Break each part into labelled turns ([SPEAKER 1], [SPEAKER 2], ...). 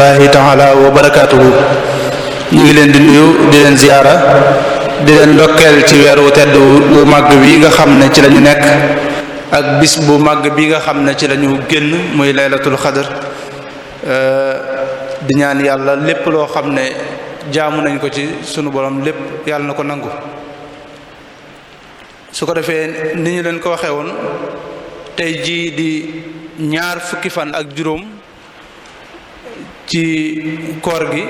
[SPEAKER 1] rahmatullahi taala wa barakaatuhu ñu ngi leen di nuyu di leen ziyaara di leen ndokkeel ci weeru tedd bu màgg bi nga xam ne ci lañu nekk ak bis bu màgg bi nga xam ne ci lañu génn muy laylatul xadr di ñaan yàlla lépp loo xam ne jaamu nañ ko ci sunu borom lépp yàlla na ko nangu su ko defee ni ñu leen ko waxee woon tey jii di ñaar fukki fan ak juróom ci koor gi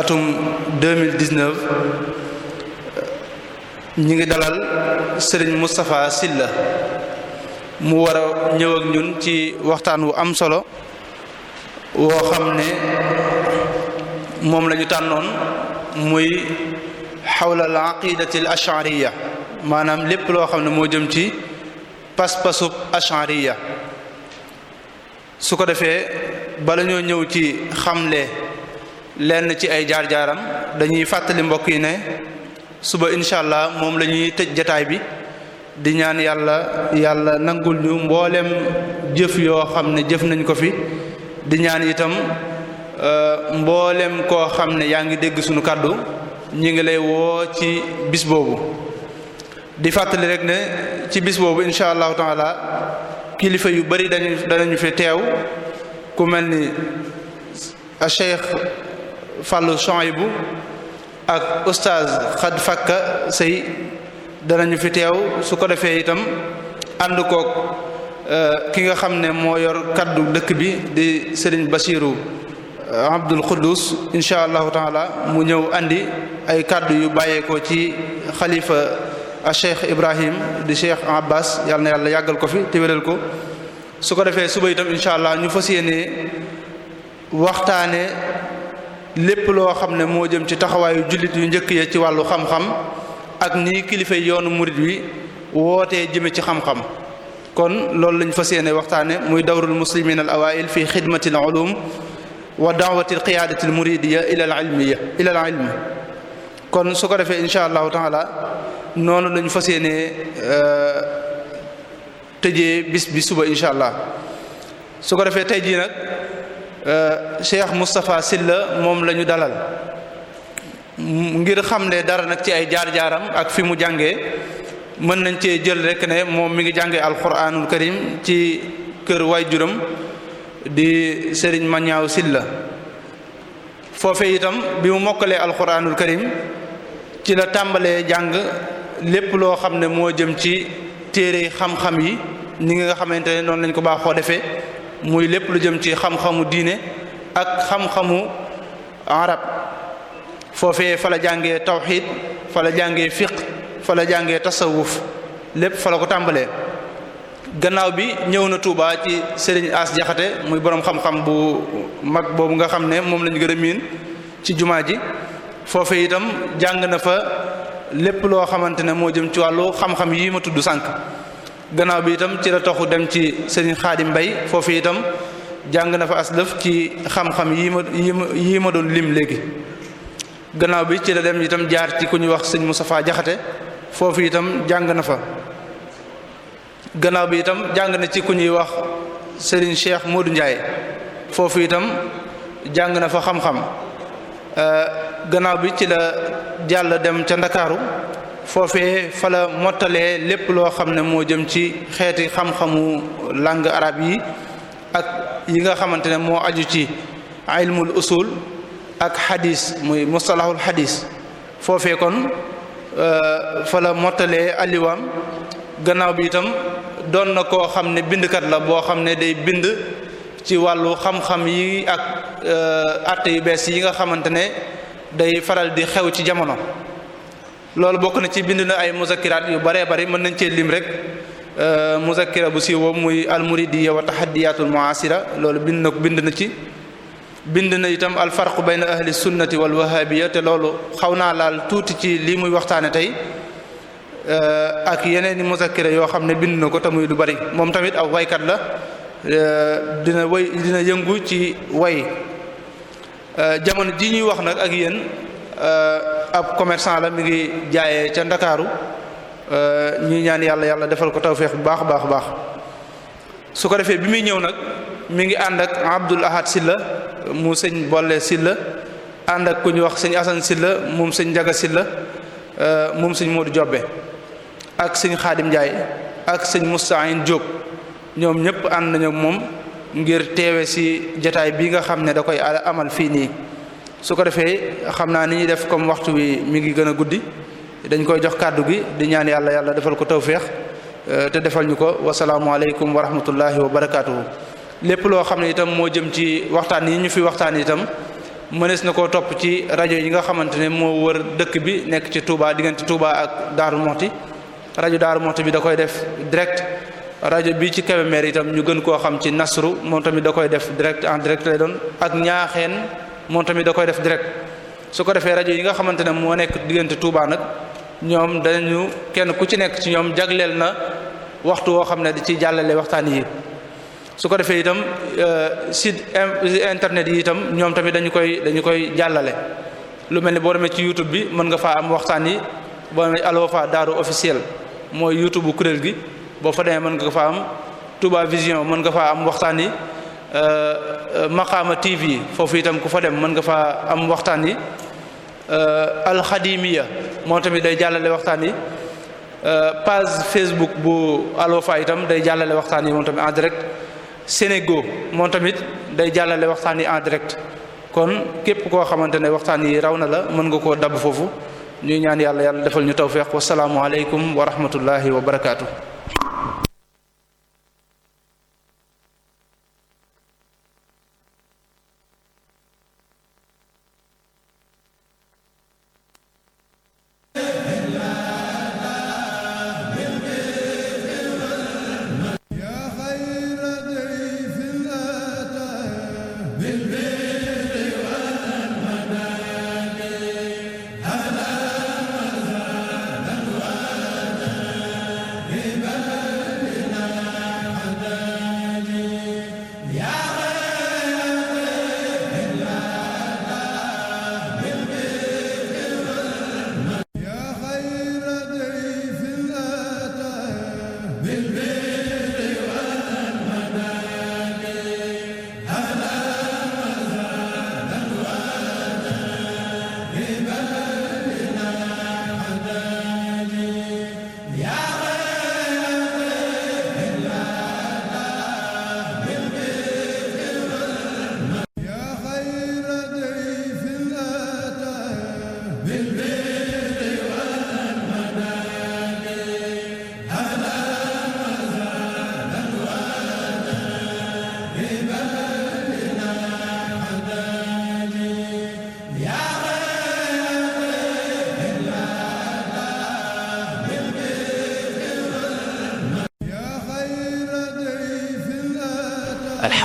[SPEAKER 1] atum 2019 ñi ngi dalal mustapha Moustapha la mu war a ñëw ak ñun ci waxtaan wu am solo woo xam ne moom la ñu tànnoon muy xawla al aqidati al ashariya maanaam lépp loo xam ne moo jëm ci pas-pasub ashariya su ko defee bala ñoo ñëw ci xam le lenn ci ay jaar-jaaram dañuy fàttali mbokk yi ne suba incha allah moom la ñuy tëj jataay bi di ñaan yàlla yàlla nangul ñu mbooleem jëf yoo xam ne jëf nañ ko fi di ñaan itam euh, mboolem koo xam ne yaa ngi dégg suñu kàddu ñu ngi lay woo ci bis boobu di fàttali rek ne ci bis boobu incha allahu taala kilifa yu bari dañu danañu fi teew ku mel ni Cheikh Fallou Chouaïbou ak oustaz Xad Fakka Sey danañu fi teew su ko defee itam ànd koog euh, ki nga xam ne moo yor kàddu dëkk bi di Serigne Bassirou euh, Abdoul Khoudous incha allahu taala mu ñëw andi ay kàddu yu bàyyeekoo ci xalifa a Cheikh Ibrahim di Cheikh Abbas yàlla na yàlla yàggal ko fi te wéral ko. su ko defee suba itam incha allah ñu fa yéenee waxtaane lépp loo xam ne moo jëm ci taxawaayu jullit yu njëkk ya ci wàllu xam-xam ak nii kilifa yoonu murit wi wootee jëme ci xam-xam kon loolu lañ fas yéene waxtaane muy dawrul muslimin al awail fi xidmati al ulum wa daawati qiyaadati muridiya ila al ilmiya ila kon su ko defee incha allah taala noonu lañ fas yéene euh, tëjee bis bi suba incha allah su ko defee tey jii nag euh, Cheikh Moustapha Sylla moom lañu dalal ngir xam xamle dara nag ci ay jaar-jaaram ak fi mu jàngee mën nañ cee jël rek ne moom mi ngi jàngee alquranul karim ci kër waay waajuram di Serigne Mañaaw Sylla foofe itam bi mu mokkalee alquranul karim ci la tàmbalee jàng lépp loo xam ne moo jëm ci téere xam-xam yi ni nga xamante ne noonu lañ ko baaxoo defee muy lépp lu jëm ci xam-xamu diine ak xam-xamu arab foofee fa la jàngee tawxid fa la jàngee fiq fa la jàngee tasawuf lépp fa la ko tàmbalee gannaaw bi ñëw na Touba ci Serigne As Jaxate muy borom xam-xam bu mag boobu nga xam ne moom lañu gën a miin ci jumaa ji foofe itam jàng na fa lépp loo xamante ne moo jëm ci wàllu xam-xam yii ma tudd sànq gannaaw bi itam ci la toxu dem ci sëriñ Xaadim Mbay foofu itam jàng na fa aslëf ci xam-xam yii ma yii ma doon lim léegi gannaaw bi ci la dem itam jaar ci ku ñuy wax sëñ Moustapha Jaxate foofu itam jàng na fa gannaaw bi itam jàng na ci ku ñuy wax sëriñ Cheikh moodu Ndiaye foofu itam jàng na fa xam-xam Euh, gannaaw bi ci la jàll dem ca ndakaaru foofee fa la mottalee lépp loo xam ne moo jëm ci xeeti xam-xamu langue arabe yi ak yi nga xamante ne moo aju ci ilmul ak xadis muy mustalahul xadis foofee kon euh, fa la mottalee alliwaam gannaaw bi itam doon na koo xam ne bindkat la boo xam ne day bind ci wàllu xam-xam yi ak àtte euh, yu bees yi nga xamante ne day faral di xew ci jamono loolu bokk na ci bind na ay muzakiraat yu baree bari mën nañ cee lim rek euh, muzakira bu siiwoo muy almuridiya wa taxadiyaatul muasira loolu bind na bind na ci bind na itam alfarqu bayna ahli sunnati wal wahabiya te loolu xaw naa laal tuuti ci lii muy waxtaane tey euh, ak yeneen i muzakira yoo xam ne bind na ko te lu bari moom tamit aw waykat la Euh, dina way dina yëngu ci way euh, jamono ji ñuy wax nag ak yéen euh, ab commerçant la mi ngi jaaye ca ndakaaru ñuy ñaan yàlla yàlla defal ko tawféex bu baax baax baax su ko defee bi muy ñëw nag mi ngi ànd ak Abdul Ahad Silla mu sëñ bole Silla ànd ak ku ñu wax sëñ Assane Silla moom sëñ Njaga Silla moom sëñ Modou Jobbe ak sëñ Xaadim Njaay ak sëñ Mustaayin jóg ñoom ñëpp ànd nañu moom ngir teewe si jataay bi nga xam ne da koy amal fii nii su ko defee xam naa ni ñuy def comme waxtu bi mi ngi gën a guddi dañ koy jox kàddu gi di ñaan yàlla yàlla defal ko tawféex euh, te defal ñu ko wasalaamualeykum wa rahmatullahi wa barakaatuhu. lépp loo xam ne itam moo jëm ci waxtaan yi ñu fi waxtaan yitam mënees na koo topp ci rajo yi nga xamante ne moo wër dëkk bi nekk ci Touba diggante Touba ak Darou Mouhty rajo daaru Mouhty bi da koy def direct. rajo bi ci Kébémer itam ñu gën koo xam ci nastru moom tamit da koy def direct en direct lay doon ak ñaaxeen moom tamit da koy def direct su ko defee rajo yi nga xamante ne moo nekk diggante Touba nag ñoom danañu kenn ku ci nekk ci ñoom jagleel na waxtu woo xam ne di ci jàllale waxtaan yi su ko defee itam euh, site internet yi itam ñoom tamit dañu koy dañu koy jàllale lu mel ni boo demee ci YouTube bi mën nga faa am waxtaan yi boo demee Al Wafa Daaru officiel mooy YouTube bu kuréel gi. boo fa demee mën nga fa am Touba Vision mën nga faa am waxtaan yi euh, euh, Maqaama TV foofu itam ku fa dem mën nga faa am waxtaan yi euh, Alxadimiya moo tamit day jàllale waxtaan yi page Facebook bu Alwafa itam day jàllale waxtaan yi moom tamit en direct Sénégo moom tamit day jàllale waxtaan yi en direct kon képp koo xamante ne waxtaan yi raw na la mën nga koo dab foofu ñuy ñaan yàlla yàlla defal ñu tawféex wasalaamualeykum wa rahmatullahi wa barakaatu.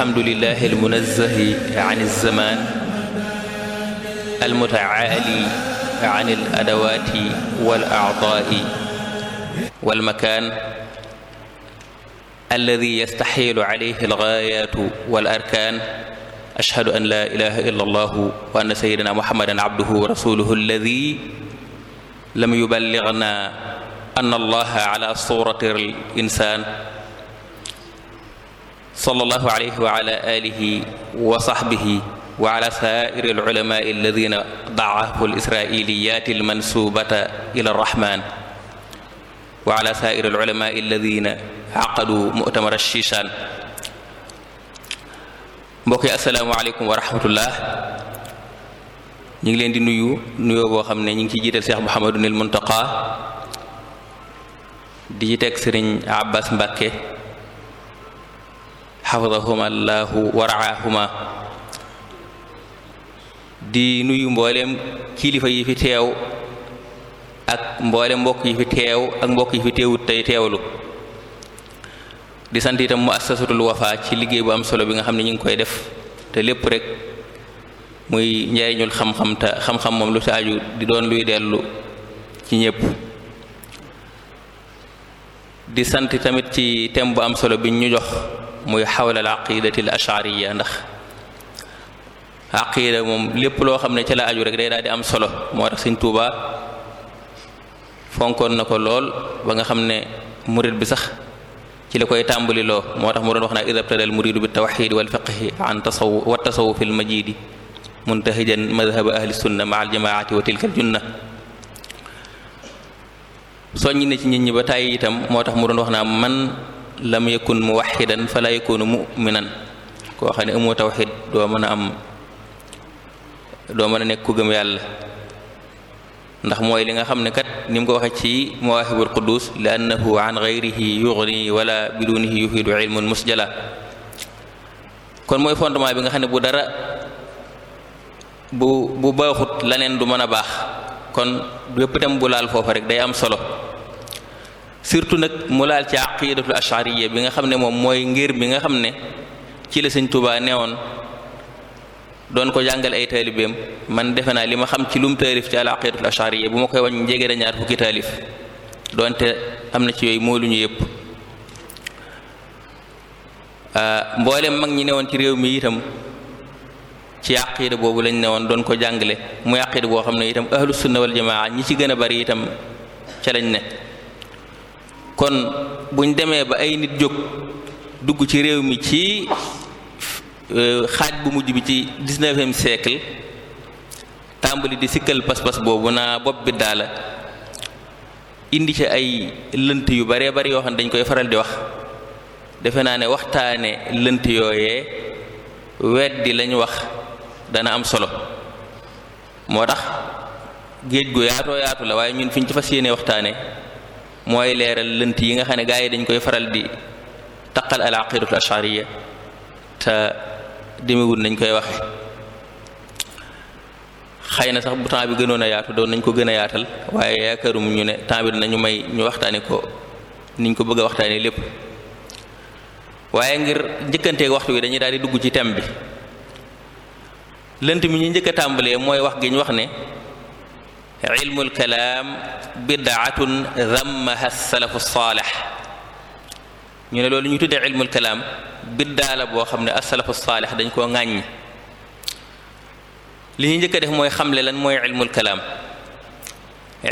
[SPEAKER 2] alhamdulilahi almunazahi an alzaman almutaali an aladawaati walaadaai walmakan alladi yastaxilu alayhi algaayatu walarkan ashhadu an la ilaha illa allahu wa anna sayidina muhammadan abduhu wa rasuluhu alladi lam yuballigna anna allaha ala surati al insan sallallahu alayhi wa ala alihi wa sahbihi wa ala saa'iri al-ulama'i alladhina da'ahu al-isra'iliyati al-mansubata ila ar-rahman wa ala saa'iri al-ulama'i alladhina aqadu mu'tamar ash-shishan mbokk yi assalaamu alaykum wa rahmatullah ñu ngi leen di nuyu nuyoo boo xam ne ñu ngi ciy jiital Cheikh Mouhamadunil Muntaqa di ci teg Sëriñ Abbas Mbàkke xafadahuma allahu waraahuma di nuyu mboolem kilifa yi fi teew ak mboole mbokk yi fi teew ak mbokk yi fi teewut tey teewlu di sant itam mu assasatul wafa ci liggéey bu am solo bi nga xam ne ñu ngi koy def te lépp rek muy njariñul xam-xam te xam-xam moom lu si aju di doon luy dellu ci ñépp di sant tamit ci thème bu am solo bi ñu jox muy xawla al aqidati al ashariya ndax aqida moom lépp loo xam ne ci la aju rek day daal di am solo moo tax sëñ Tuuba fonkoon na ko lool ba nga xam ne murid bi sax ci la koy tàmbali loo moo tax mu doon wax naa idabtadal muridu bi tawxidi wal fiqhi an tasaw wa tasawufi al majidi muntahijan madhaba ahli sunna ma al jamaati wa tilka al soññ na ci nit ñi moo tax mu doon wax naa man lam yakun muwaxidan fala yakunu muminan koo xam ne amoo tawxid doo mën a am doo mën a nekk ku gëm yàlla ndax mooy li nga xam ne kat ni mu ko waxee ci mawaahibul quddus li annahu an gayrihi yugni wala bidunihi yufidu ilmun musjala kon mooy fondement bi nga xam ne bu dara bu bu baaxut laneen du mën a baax kon yëpp itam bu laal foofa rek day am solo surtout nag mu laal ci aqidatul ashariya bi nga xam ne moom mooy ngir mi nga xam ne ci la sëñ Tuubaa neewoon doon ko jàngal ay taalibeem man defe naa li ma xam ci lum taalif ci al aqidatul ashariya bu ma koy wàññi jege na ñaar fukki taalif donte am na ci yooyu moo ñu yëpp ah, mboolem mag ñi newoon ci réew mi itam ci aqida boobu lañ newoon doon ko jàngale muy aqida boo xam ne itam ahlus sunna wal ñi ci gën a bari itam ca lañ ne kon buñ demee ba ay nit jóg dugg ci réew mi ci euh, xaaj bu mujj bi ci dix-neuvième siècle tàmbali di sikkal pas-pas boobu naa bopp bi daala indi ci ay lënt yu baree bari yoo xam ne dañ koy faral di wax defe naa ne waxtaane lënt yooye yooyee di lañ wax dana am solo moo tax géej gu yaatoo yaatu la waaye ñun fi ci fas yéene waxtaane mooy leeral lënt yi nga xam ne gaa yi dañ koy faral di taqal al aqidatul ashariya te demewul nañ koy waxe xëy na sax bu temps bi gënoon a yaatu doon nañ ko gën a yaatal waaye yaakaarum ñu ne temps bi may ñu waxtaane ko niñ ko bëgg a waxtaane lépp waaye ngir njëkkanteeg waxtu bi dañuy daal di dugg ci thème bi lënt mi ñu njëkk a tàmbalee mooy wax gi ñu wax ne ilmul kalaam bidaatun dammaha salafu saalix ñu ne loolu ñu tuddee ilmul kalaam biddaa la boo xam ne asalafu saalix dañ koo ŋàññ li ñuy njëkk a def mooy xamle lan mooy ilmul kalaam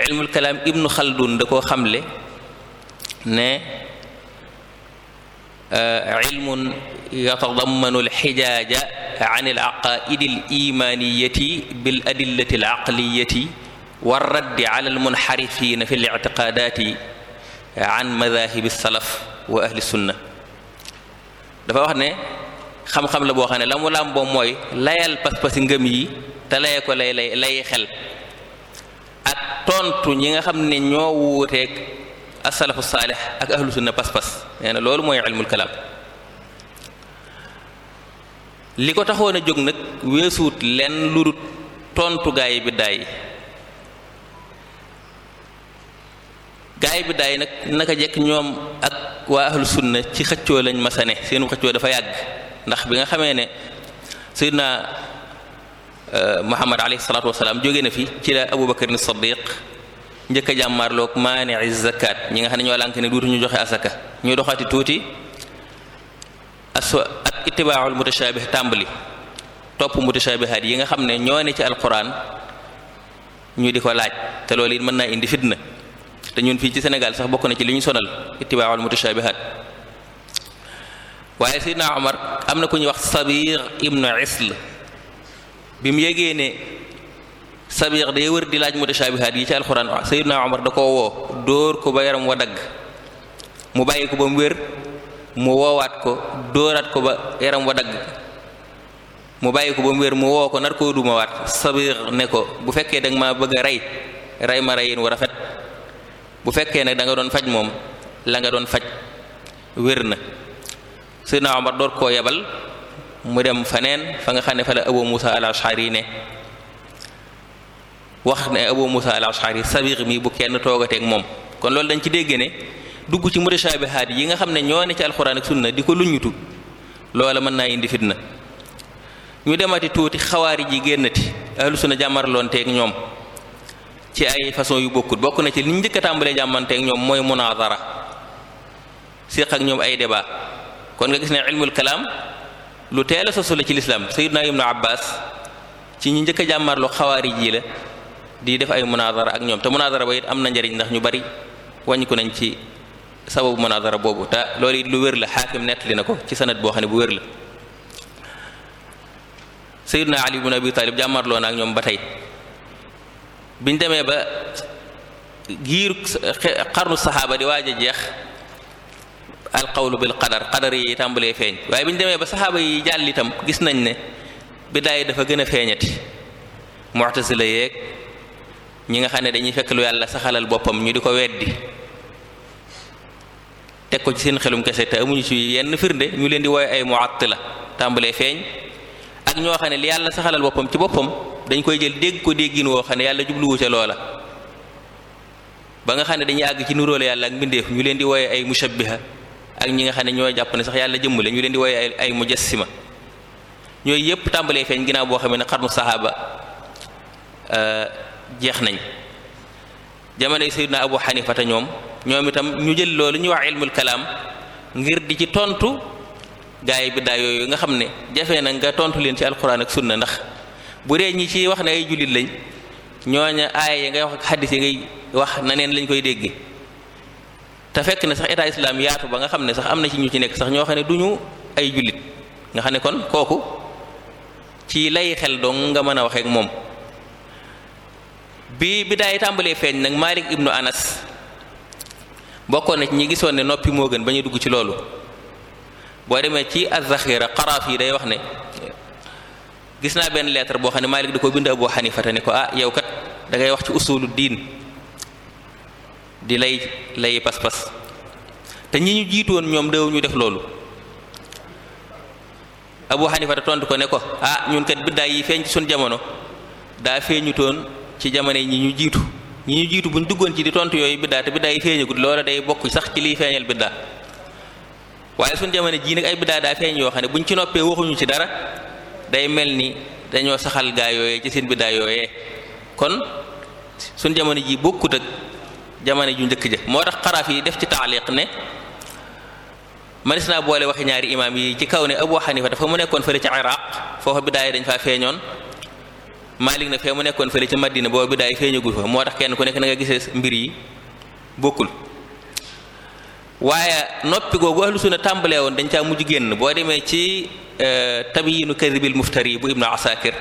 [SPEAKER 2] ilmul kalaam ibnu xaldun da koo xamle ne euh, ilmun yatadammanu alxijaaja an al aqaaidi al imaaniyati bil adillati al aqliyati wa raddi ala almunxarifina fi lictiqaadaati an madahibi salaf wa ahli sunna dafa wax ne xam-xam la boo xam ne la mu làmboo mooy layal pas-pasi ngëm yi te laye ko lay lay lay xel ak tontu ñi nga xam ne ñoo wuuteeg asalafu saalix ak ahlu sunna pas-pas nee na loolu mooy ilmul kalaam li ko taxoon jóg nag weesuut lenn lu dul tontu gaay bi daay gaay bi daay nag naka jekk ñoom ak waa ahlu sunna ci xëccoo lañ masa seenu xëccoo dafa yàgg ndax bi nga xamee ne sayyidna euh, muhammad alayhi salatu wasalaam jóge na fi ci la abubakar ni sadiq njëkk a jàmmaarloog maanii zakat ñi nga xam ne ñoo ne duutu ñu joxe asaka ñu doxati tuuti as ak itibaaul mutashaabih tàmbali topp mutashabihaat yi nga xam ne ñoo ci alquran ñu di ko laaj te loolu mën naa indi fitna te ñun fii ci senegal sax bokk na ci lu ñu sonal ittibaa'ul mutashabihaat waaye Seydina Omar am na ku ñuy wax Sabir ibnu Isl bi mu yégee ne Sabir day wër di laaj mutashabihaat yi ci alxuraan Seydina Omar da koo woo dóor ko ba yaram wa dagg mu bàyyi ko ba mu wér mu woowaat ko dóoraat ko ba yaram wa dagg mu bàyyi ko ba mu wér mu woo ko nar koo dumawaat Sabir ne ko bu fekkee danga ma bëgg a rey rey ma reyin wu rafet bu fekkee nag danga doon faj moom la nga doon faj wér na sidna Omar door koo yebal mu dem faneen fa nga xam ne fa la Abu Musa al-Ashari ne wax ne Abu Musa al-Ashari mi bu kenn toogateeg moom kon loolu dañ ci dégg ne dugg ci mutashaabihaat yi nga xam ne ñoo ne ci alxuraan ak sunna di ko luñutu loola mën naa indi fitna ñu demati tuuti xawaari ji génnati ahlu sunna ñoom. ci ay façon yu bokkut bokk na ci liñ njëkk a tàmbalee jàmmanteeg ñoom mooy munaadara séq ak ñoom ay débat kon nga gis ne ilmul kalaam lu teel a sosu la ci lislaam sayyidna ibnu abbas ci ñu njëkk a jàmmarlu xawaarij yi la di def ay munaadara ak ñoom te munaadara ba it am na njariñ ndax ñu bari wàññiku nañ ci sababu munaadara boobu te loolu it lu wér la xaakim nettali na ko ci sanad boo xam ne bu wér la sayyidna ali ibnu abi talib jàmmarloo na ak ñoom ba tey biñ demee ba giir xarnu saxaaba di waaj a jeex alqawlu bil qadar qadar yi tàmbalee feeñ waaye biñ demee ba saxaaba yi jàll itam gis nañ ne biddaa yi dafa gën a feeñati mu'tazila yeeg ñi nga xam ne dañuy fekk lu yàlla saxalal boppam ñu di ko weddi teg ko ci seen xelum kese te amuñu si yenn firnde ñu leen di woy ay mu'attila tàmbalee feeñ ak ñoo xam ne li yàlla saxalal boppam ci boppam dañ koy jël dégg ko déggin woo xam ne yàlla jubluwu ca loola ba nga xam ne dañuy àgg ci nuróole yàlla ak mbindeef ñu leen di wooye ay mushabbiha ak ñi nga xam ne ñooy jàpp ne sax yàlla jëmm la ñu leen di wooye ay ay mujassima ñooyu yépp tàmbalee feeñ ginnaaw boo xam ne xarnu sahaaba euh, jeex nañ jamono yi sayyidna abu xanifata ñoom ñoom itam ñu jël loolu ñu wax ilmul kalaam ngir di ci tontu gaay bi daa yooyu nga xam ne jafe na nga tontu leen ci alquran ak sunna ndax bu dee ñi ci wax ne ay jullit lañ ñooña aaya yi ngay wax ak xaddis yi ngay wax na neen lañ koy dégge te fekk na sax état islam yaatu ba nga xam ne sax am na ci ñu ci nekk sax ñoo xam ne du ñu ay jullit nga xam ne kon kooku ci lay xel dong nga mën a waxeek moom bi bi daay tàmbalee feeñ nag Malik ibnu Anas bokkoon na ci ñi gisoon ne noppi moo gën ba ñu dugg ci loolu boo demee ci azzaxira xaraaf yi day wax ne gis naa benn lettre boo xam ne Malik da ko bind Abu Hanifa te ne ko ah yow kat da ngay wax ci usulu diin di lay lay pas ñu jiitoon ñoom daw ñu def loolu Abu Hanifa te tontu ko ne ko ah ñun kat biddaa yi feeñ ci suñ jamono daa feeñutoon ci jamono yi ñi ñu jiitu ñi ñu jiitu buñ duggoon ci di tontu yooyu biddaa te biddaa yi feeñagut loola day bokk sax ci liy feeñal biddaa waaye suñ jamono jii nag ay biddaa daa feeñ yoo xam ne buñ ci noppee waxuñu ci dara. day mel ni dañoo saxal gaa yooyee ci seen biddaa yooyee kon suñ jamono ji bokkut ak jamono ju njëkk ja moo tax xaraaf yi def ci taaliq ne manis naa boole waxi ñaari imaam yi ci kaw ne Abu Xanifa dafa mu nekkoon fële ci Iraq foofa biddaa dañ faa feeñoon Malik na fee mu nekkoon fële ci Madina booba biddaa yi feeñagul fa moo tax kenn ku nekk na nga gisee mbir yi bokkul waaye noppi googu ahlu tàmbalee woon dañ caa mujj génn boo demee ci e, tabyinu kadibil muftari bu ibnu asakir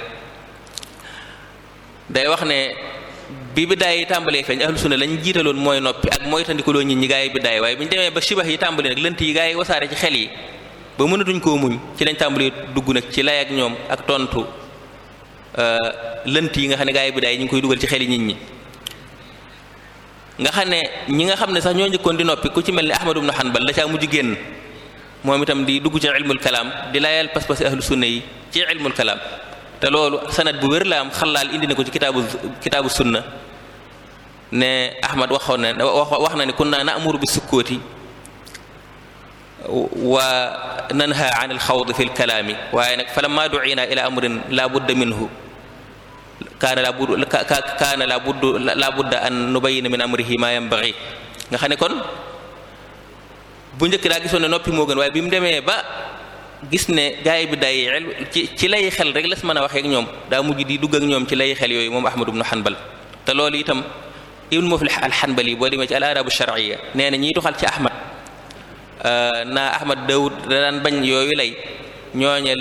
[SPEAKER 2] day wax ne bi biddaay yi tàmbalee feeñ ahlu sunna lañ jiitaloon mooy noppi ak mooy tandikuloo ñit ñi gaa yi biddaay waaye bi ñu demee ba sibax yi tàmbali nag lënt yi gaa yi wasaare ci xel yi ba mënatuñ koo muñ ci lañ tàmbali dugg nag ci lay ak ñoom ak tontu e, lënt yi nga xam ne gaa yi biddaay yi ñu ngi koy dugal ci xel yi nit ñi nga xam ne ñi nga xam ne sax ñoo njëkkoon di noppi ku ci mel ne Ahmad ibn Hanbal da caa mujj génn moom itam di dugg ci ilmul di laayal pas-pas ahlu sunna yi ci ilmul kalaam te loolu sanad bu wér la am xalaal indi na ko ci kitaabu kitaabu sunna ne Ahmad waxoon na wax na ne kunna na'muru bi sukkooti wa nanha an al xawd fi l kalaami waaye nag falamma du'ina ila amrin la budda minhu kaana laa bud kaana laa budd laa budda an nubayina min amrihi ma yanbaghi nga xam ne kon bu njëkk daa gisoon ne noppi moo gën waaye bi mu demee ba gis ne gaay bi day xel ci ci lay xel rek las mën a waxee ñoom daa mujj di dugg ak ñoom ci lay xel yooyu moom Ahmad ibnu Hanbal te loolu itam ibnu Muflih al-Hanbali boo demee ci al-aadabu shar'iyya nee na ñiy tuxal ci Ahmad euh, naa Ahmad Dawud da daan bañ yooyu lay ñooñal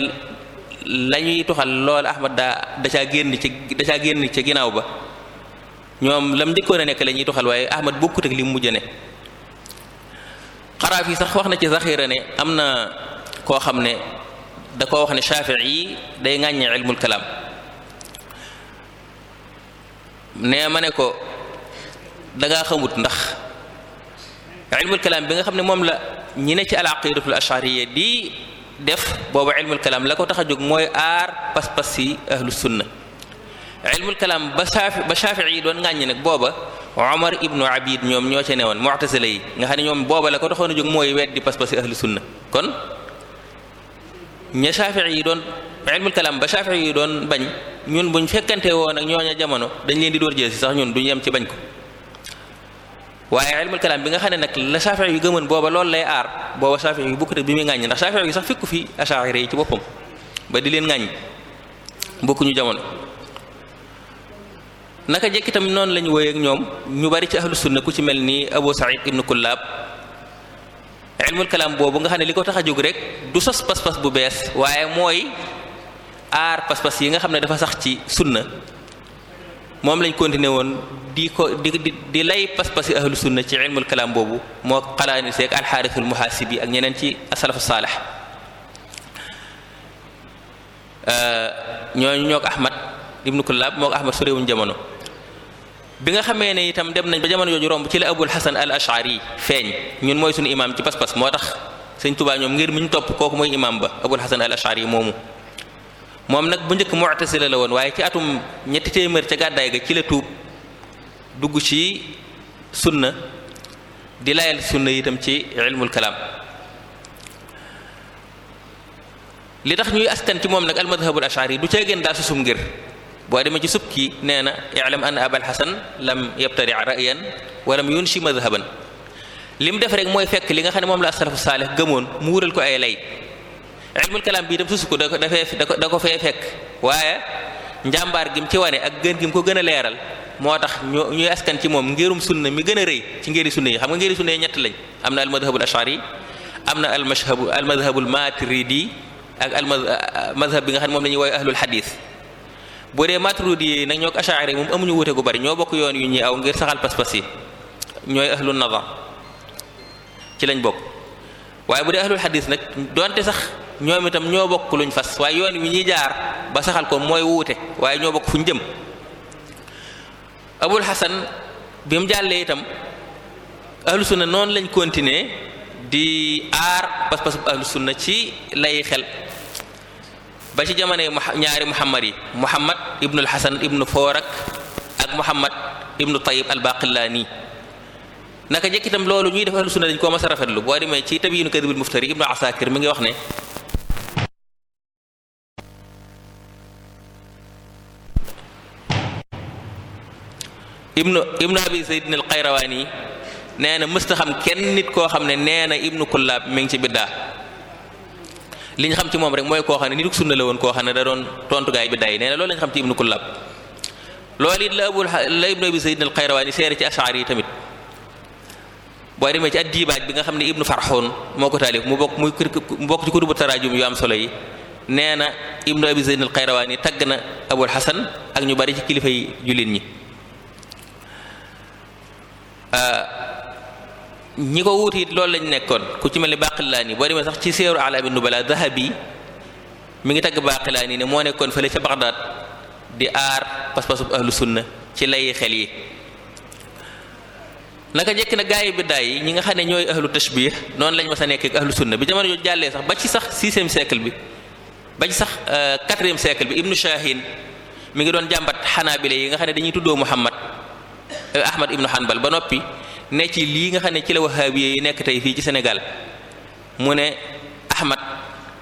[SPEAKER 2] la ñuy tuxal lool Ahmad daa da caa génn ci da caa ginnaaw ba ñoom lam njëkkoon a nekk la ñuy tuxal waaye Ahmad bokkut ak li mu mujj ne xaraaf yi sax wax na ci zaxira ne am na koo xam ne da koo wax ne Shaafi'i yi day ŋàññe ilmul kalaam nee ma ne ko da ngaa xamut ndax ilmul kalaam bi nga xam ne moom la ñi ne ci al aqidatul di def boobu ilmul kalaam la ko tax a jóg mooy aar pas-pas si ahlu sunna ilmul kalaam ba saafi ba shafii yi doon ngàññi nag booba omar ibnu abid ñoom ñoo ci ca newoon mu'tazila yi nga xam ne ñoom booba la ko taxoon a jóg mooy weddi pas-pas si ahlu sunna kon ña shafii yi doon ilmul kalaam ba shafii yi doon bañ ñun buñ fekkante woon ak ñooña jamono dañ leen di dóor jël si sax ñun duñ yem ci bañ ko waaye ilmul kalaam bi nga xam ne nag la Shaafi'i yu gëmoon booba loolu lay aar booba Shaafi'i yu bokkut ak bi muy ŋàññi ndax Shaafi'i yu sax fekku fi Ash'ari yi ci boppam ba di leen ŋàññ bokkuñu jamono naka jekk itam noonu lañu woy ak ñoom ñu bari ci ahlu sunna ku ci mel ni Abu Sa'id ibn Kullab ilmul boobu nga xam ne li ko tax a jóg rek du sos pas-pas bu bees waaye mooy aar pas-pas yi nga xam ne dafa sax ci sunna moom lañ continué woon di ko di di lay pas-pasi ahlu sunna ci ilmul kalaam boobu moo xalaani seeg alxaarisul muhaasibi ak ñeneen ci asalafu saalex euh, ñooñu ñoo ko ahmad ibnu kullaab moo ko ahmad sorewuñ jamono bi nga xamee ne itam dem nañ ba jamono jooju romb ci la abul hasan al ashari feeñ ñun mooy suñu imaam ci pas-pas moo tax sëñ tubaa ñoom ngir mi ñu topp kooku mooy imaam ba abul hasan al ashari moomu moom nag bu njëkk mu'tasila la woon waaye ci atum ñetti téeméer ca gàddaay ga ci la tuub dugg ci sunna di layal sunna itam ci ilmul kalaam li tax ñuy askan ci moom nag almadhabul ashari du cee gën daa susum ngir boo demee ci subki nee na i'lam an abal hasan lam yabtadi ra'yan wa lam yunshi madhaban li mu def rek mooy fekk li nga xam ne moom la asalafu saalih gëmoon mu wural ko ay lay ilmul kalaam bii tam susu ko da ko da ko fee fekk waaye njàmbaar gim ci wane ak gën gim ko gën a leeral moo tax ñu ñuy askan ci moom ngirum sunna mi gën a rëy ci ngiri sunna yi xam nga ngiri sunna yi ñett lañ am na almadhabul ashari am na almashhabu almadhabul maturidi ak al madhab bi nga xam ne moom la ñuy woowee ahlul hadith bu dee maturidi yi nag ñoo ko ashari moom amuñu wuute gu bari ñoo bokk yoon yu ñuy aw ngir saxal pas-pas yi ñooy ahlul nazar ci lañ bokk ñoom itam ñoo bokk luñ fas waaye yoon wi ñuy jaar ba saxal ko mooy wuute waaye ñoo bokk fuñ jëm abul xasan bi mu jàllee itam ahlu sunna noon lañ continuer di aar pas-pas bu ahlu sunna ci lay xel ba ci jamono ñaari muhammad yi muhammad ibnul xasan ibnu foorak ak muhammad ibnu tayib al baqillaani naka jëkk itam loolu ñuy def ahlu sunna dañ koo mas a rafetlu boo demee ci tabyiinu kadibil muftari ibnu asakir mi ngi wax ne ibnu ibnu abi zaydin al xayrawaani nee na mësta xam kenn nit koo xam ne nee na ibnu kullaab mi ngi ci biddaa liñ xam ci moom rek mooy koo xam ne nitu sunna la woon koo xam ne da doon tontu gaay biddaa yi nee na loolu lañ xam ci ibnu kullaab loolu it la abul la ibnu abi zaydin al ci ashar yi tamit boo demee ci addiibaaj bi nga xam ne ibnu farxoon moo ko taalif mu bokk muy mu bokk ci kutubu taraajum yu am solo yi nee na ibnu abi zaydin al tagg na abul xasan ak ñu bari ci kilifa yi jullit ñi Euh, ñi ko wuuti it loolu lañ nekkoon ku ci mel ni laa Baaqilaani boo demee sax ci séeru Alaami Nubala Dahabi mu ngi tagg nii ne moo nekkoon fële ca Bagdaad di aar pas-pasu ahlu sunna ci lay xel yi naka njëkk na gaa yi biddaa yi ñi nga xam ne ñooy ahlu tashbih noonu lañ mas sa nekk ak ahlu sunna bi jamono jàllee sax ba ci sax sixième siècle bi ba ci sax euh, quatrième siècle bi Ibnu Shahin mi ngi doon jàmbat xanaa xanaabile yi nga xam ne dañuy tuddoo Muhammad Ahmad ibnu Hanbal ba noppi ne ci lii nga xam ne ci la wahaabiye yi nekk tey fii ci senegal mu ne Ahmad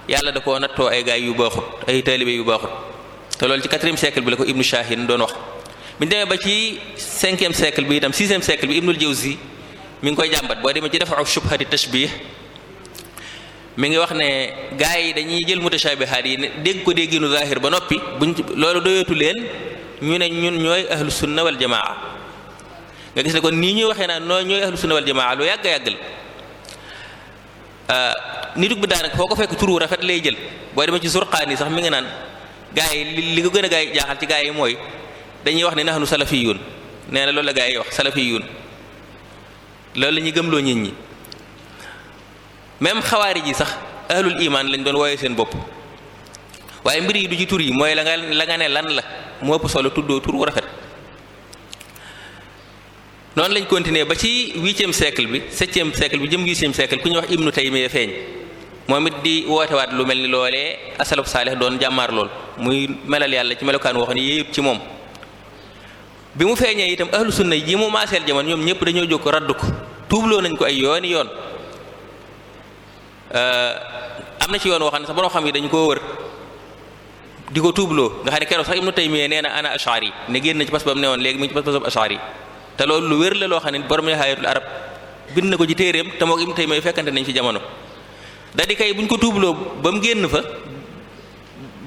[SPEAKER 2] yàlla da koo nattoo ay gaay yu baaxut ay taalibe yu baaxut te loolu ci quatrième siècle bi la ko Ibnu Shahin doon wax bi ñu demee ba ci cinquième siècle bi itam sixième siècle bi Ibnul Jawzi mi ngi koy jàmbat boo demee ci dafa ak shubhati tashbih mu ngi wax ne gaay yi dañuy jël mutashabihaat yi ne dégg ko dégginu zahir ba noppi bu buñ loolu doyatu leen ñu ne ñun ñooy ahlu sunna wal nga gis ne kon nii ñuy waxee naan noo ñooy ahlu sunna wal jamaa lu yàgg yàgg la ah, nitug bi daanaka foo ko fekk turu rafet lay jël booy demee ci surqaani sax mi ngi naan gaa yi li li ko gën a gaa yi jaaxal ci gaa yi mooy dañuy wax ne nahnu yoon nee na loolu la gaa yi wax salafiyun loolu la ñuy gëmloo nit ñi même xawaari ji sax ahlul imaan lañ doon wooyee seen bopp waaye mbir yi du ci tur yi mooy la nga la nga ne lan la mu ëpp solo tuddoo tur wu rafet noonu lañ continuer ba ci huitième siècle bi septième siècle bi jëm huitième siècle ku ñuy wax nu ibnu taymiya feeñ moom it di wootewaat lu mel ni loolee asalub saalix doon jàmmaar lool muy melal yàlla ci melokaan waxoon yéeyut ci moom bi mu feeñee itam ahlu na yi mu maaseel jamono ñoom ñëpp dañoo jóg ko raddu ko tuubloo nañ ko ay yooni yoon euh, am na ci yoon woo xam ne sax xam yi dañu koo wër di ko tuubloo nga xam ne keroog sax ibnu taymiya nee na ana ashari ne génn ci te loolu lu wér la loo xam ne borom Nihayatul Arab bind na ko ci téeréem te moo Ibnu Taymiyya fekkante nañ fi jamono daldi kay bu ñu ko tuubloo ba mu génn fa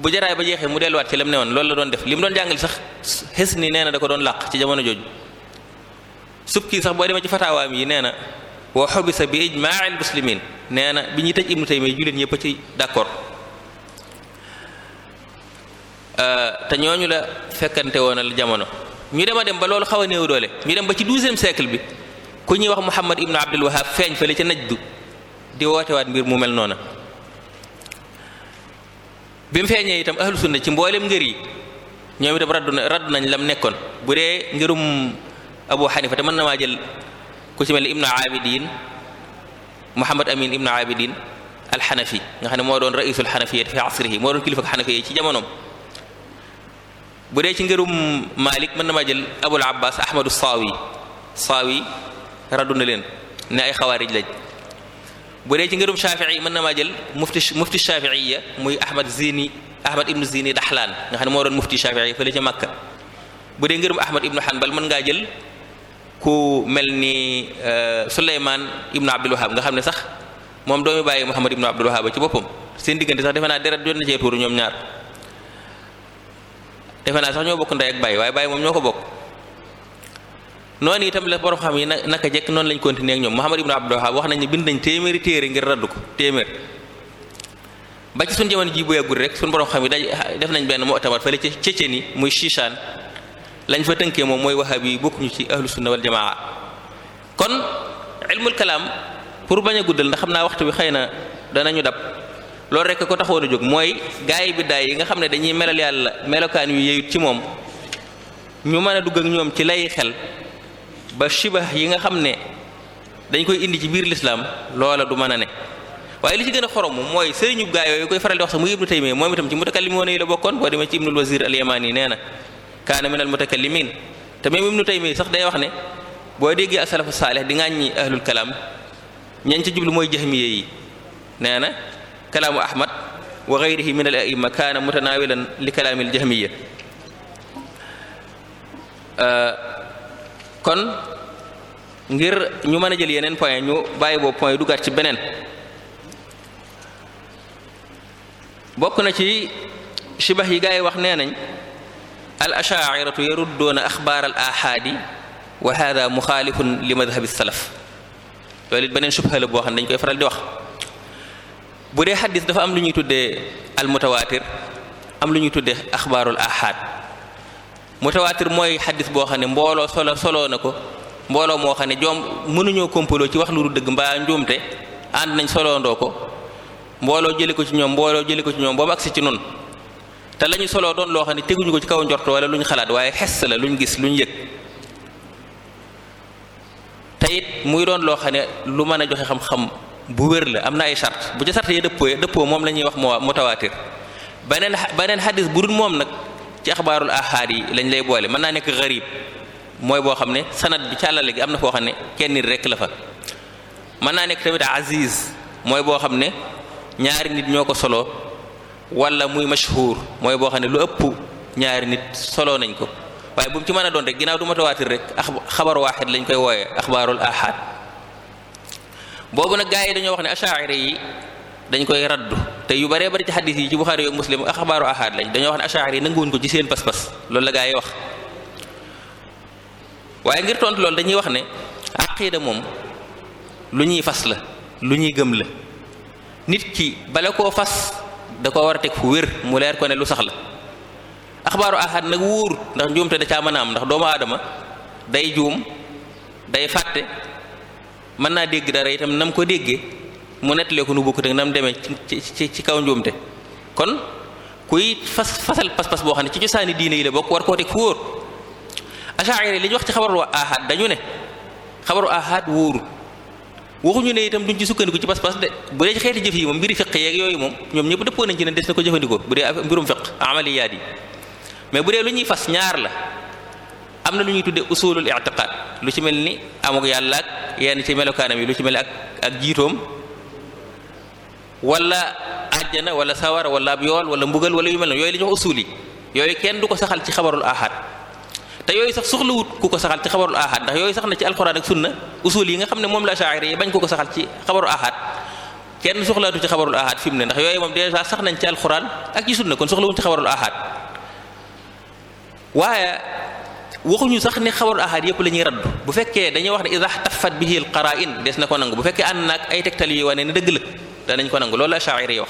[SPEAKER 2] bu jaraay ba jeexee mu delluwaat ci lam ne woon loolu la doon def li mu doon jàngal sax xës ni nee na da ko doon làq ci jamono jooju subkii sax boo demee ci fataawaam yi nee na wa xobisa bi ijmail muslimin nee na bi ñuy tëj Ibnu Taymiyya jullit ñëpp ci d'accord euh, te ñooñu la fekkante woonal jamono ñu dem a dem ba lool xaw a néew doole ñu dem ba ci douzième siècle bi ku ñuy wax Muhammad ibnu Abdul Wahab feeñ fële ca Najdu di wootewaat mbir mu mel noona bi mu feeñee itam ahlu sunna ci mboolem ngër yi ñoom itam raddu na nañ lam nekkoon bu dee ngërum Abu Hanifa te mën na maa jël ku ci mel ni Ibnu Abidin Muhammad Amin Ibnu Abidin alxanafi nga xam ne moo doon raisul xanafiyati fi asrihi moo doon kilifa xanafiya ci jamonoom. bu dee ci ngërum Malik mën na maa jël Abul Abbas Ahmadu Saawi Saawi raddu na leen ne ay xawaarij lañ bu dee ci ngërum Shafii mën na maa jël mufti mufti Shafiiya muy Ahmad Zini Ahmad ibnu Zini Daxlaan nga xam ne moo doon mufti Shafii fële ca Makka bu dee ngërum Ahmad ibnu Hanbal mën ngaa jël ku mel ni euh, Suleymaan ibnu Abdul Wahab nga xam ne sax moom doomi bàyyi Muhammad ibnu Abdul Wahab ci boppam seen diggante sax defe naa deret doon na cee tuuru ñoom ñaar. defe naa sax ñoo bokk ndey ak bàyyi waaye bàyyi moom ñoo ko bokk noonu itam la borom xam yi naka jekk noonu lañ continuer ak ñoom Muhammad ibn Abdul Wahhab wax nañ ne bind nañ téeméeri téere ngir raddu ko téeméer ba ci suñ jamono ji bu yàggul suñ borom xam yi daj def nañ benn mu'tamar fële ci Tchétchénie muy Chichan lañ fa tënkee moom mooy wahhabi yi bokkuñu ci ahlu sunna wal jamaa kon ilmul kalaam pour bañ a guddal ndax xam naa waxtu wi xëy na danañu dab loolu rek ko taxoon a jóg mooy gaay bi daay yi nga xam ne dañuy melal yàlla melokaan yu yeyut ci moom ñu mën a dugg ak ñoom ci lay xel ba shibah yi nga xam ne dañ koy indi ci biir lislaam loola du mën a ne waaye li ci gën a xorom mooy sëriñu gaay yooyu koy faral di wax sax mu ibnu taymiya moom itam ci mutakallimoon yi la bokkoon boo demee ci ibnul wazir al yamani nee na kaana min al mutakallimin te même ibnu taymiya sax day wax ne boo déggee asalafu saalih di ngaañ ñi ahlul kalaam ñañ ci jublu mooy jahmiye yi nee na kalaamu ahmad wa geyrihi min al aima kaana mutanawilan li kalaami al jahmiya euh, kon ngir ñu mën a jël yeneen point ñu bàyyi boobu point duggaat ci beneen bokk na ci shibax yi gaa wax nee nañ al ashairatu yaruddoona axbaar al ahaadi wa hada muxaalifun li madhabi salaf loolu it beneen shubha la boo xam ne dañ koy faral di wax bu dee xadis dafa am lu ñuy tuddee al mutawaatir am lu ñuy tuddee axbaarul ahad mutawaatir mooy xadis boo xam ne mbooloo solo soloo na ko mbooloo moo xam ne joom mënuñoo kompaloo ci wax lu dul dëgg mbaa njuumte ànd nañ soloondoo ko mbooloo jëlee ko ci ñoom mbooloo jëlee ko ci ñoom boobu agsi ci noonu te la ñu soloo doon loo xam ne teguñu ko ci kaw njort wala ñu xalaat waaye xes la luñ gis luñ yëg te it muy doon loo xam ne lu mën a joxe xam-xam bu wér la am na ay charte bu ci charte yi dëppoo dëppoo moom la ñuy wax moo mutawaatir beneen beneen xadis bu dul moom nag ci axbaarul ahaad yi lañ lay boole mën naa nekk garib mooy boo xam ne sanad bi càllale gi am na foo xam ne kenn nit rek la fa mën naa nekk tamit aziz mooy boo xam ne ñaari nit ñoo ko soloo wala muy mashhur mooy boo xam ne lu ëpp ñaari nit soloo nañ ko waaye bu mu ci mën a doon rek ginnaaw du mutawaatir rek xabar waaxid lañ koy wooyee axbaarul boobu nag gaa yi dañoo wax ne achaira yi dañ koy raddu te yu baree bari ci xadis yi ci buxaari yo muslim axbaaru ahad lañ dañoo wax ne achaira yi nanguwuñ ko ci seen pas-pas loolu la gaa yi wax waaye ngir tontu loolu dañuy wax ne aqida moom lu ñuy fas la lu ñuy gëm la nit ki bala koo fas da koo war a teg fu wér mu leer ko ne lu sax la axbaaru ahad nag wóor ndax njuumte da caa mën a am ndax doomu aadama day juum day fàtte mën naa dégg dara itam nam ko déggee mu nettalee ko nu bokkut ak nam demee ci ci ci kaw njuumte kon kuy fas fasal pas-pas boo xam ne ci cosaani diine yi la bokk war koo teg fu wóor achaira li ñu wax ci xabarul ahad dañu ne xabaru ahad wóorul waxuñu ne itam duñ ci sukkandiku ci pas-pas de bu dee ci xeeti jëf yi moom mbiri fiq yee yooyu moom ñoom ñëpp dëppoo nañ ci ne des na ko jëfandikoo bu dee mbirum fiq amaliyaat yi mais bu dee lu ñuy fas ñaar la am na lu ñuy tuddee usulul i'tiqad lu ci mel ni amug yàlla ak yenn ci melokaanam yi lu ci mel ni ak ak jiitoom wala àjjana wala sawara wala ab yool wala mbugal wala yu mel noonu yooyu li ñuy wax usul yi yooyu kenn du ko saxal ci xabarul ahad te yooyu sax soxlawut ku ko saxal ci xabarul ahad ndax yooyu sax na ci alquran ak sunna usul yi nga xam ne moom la shaari yi bañ ko saxal ci xabarul ahad kenn soxlaatu ci xabarul ahad fi mu ne ndax yooyu moom déjà sax nañ ci alquran ak ci sunna kon soxlawuñ ci xabarul ahad waaye waxuñu sax ne xabarul ahad yëpp la ñuy raddu bu fekkee dañuy wax taf fat bi bihi karaa in des na ko nangu bu fekkee ànd naag ay tegtal yu wane ne dëgg la danañ ko nangu loolu la shaa'iri wax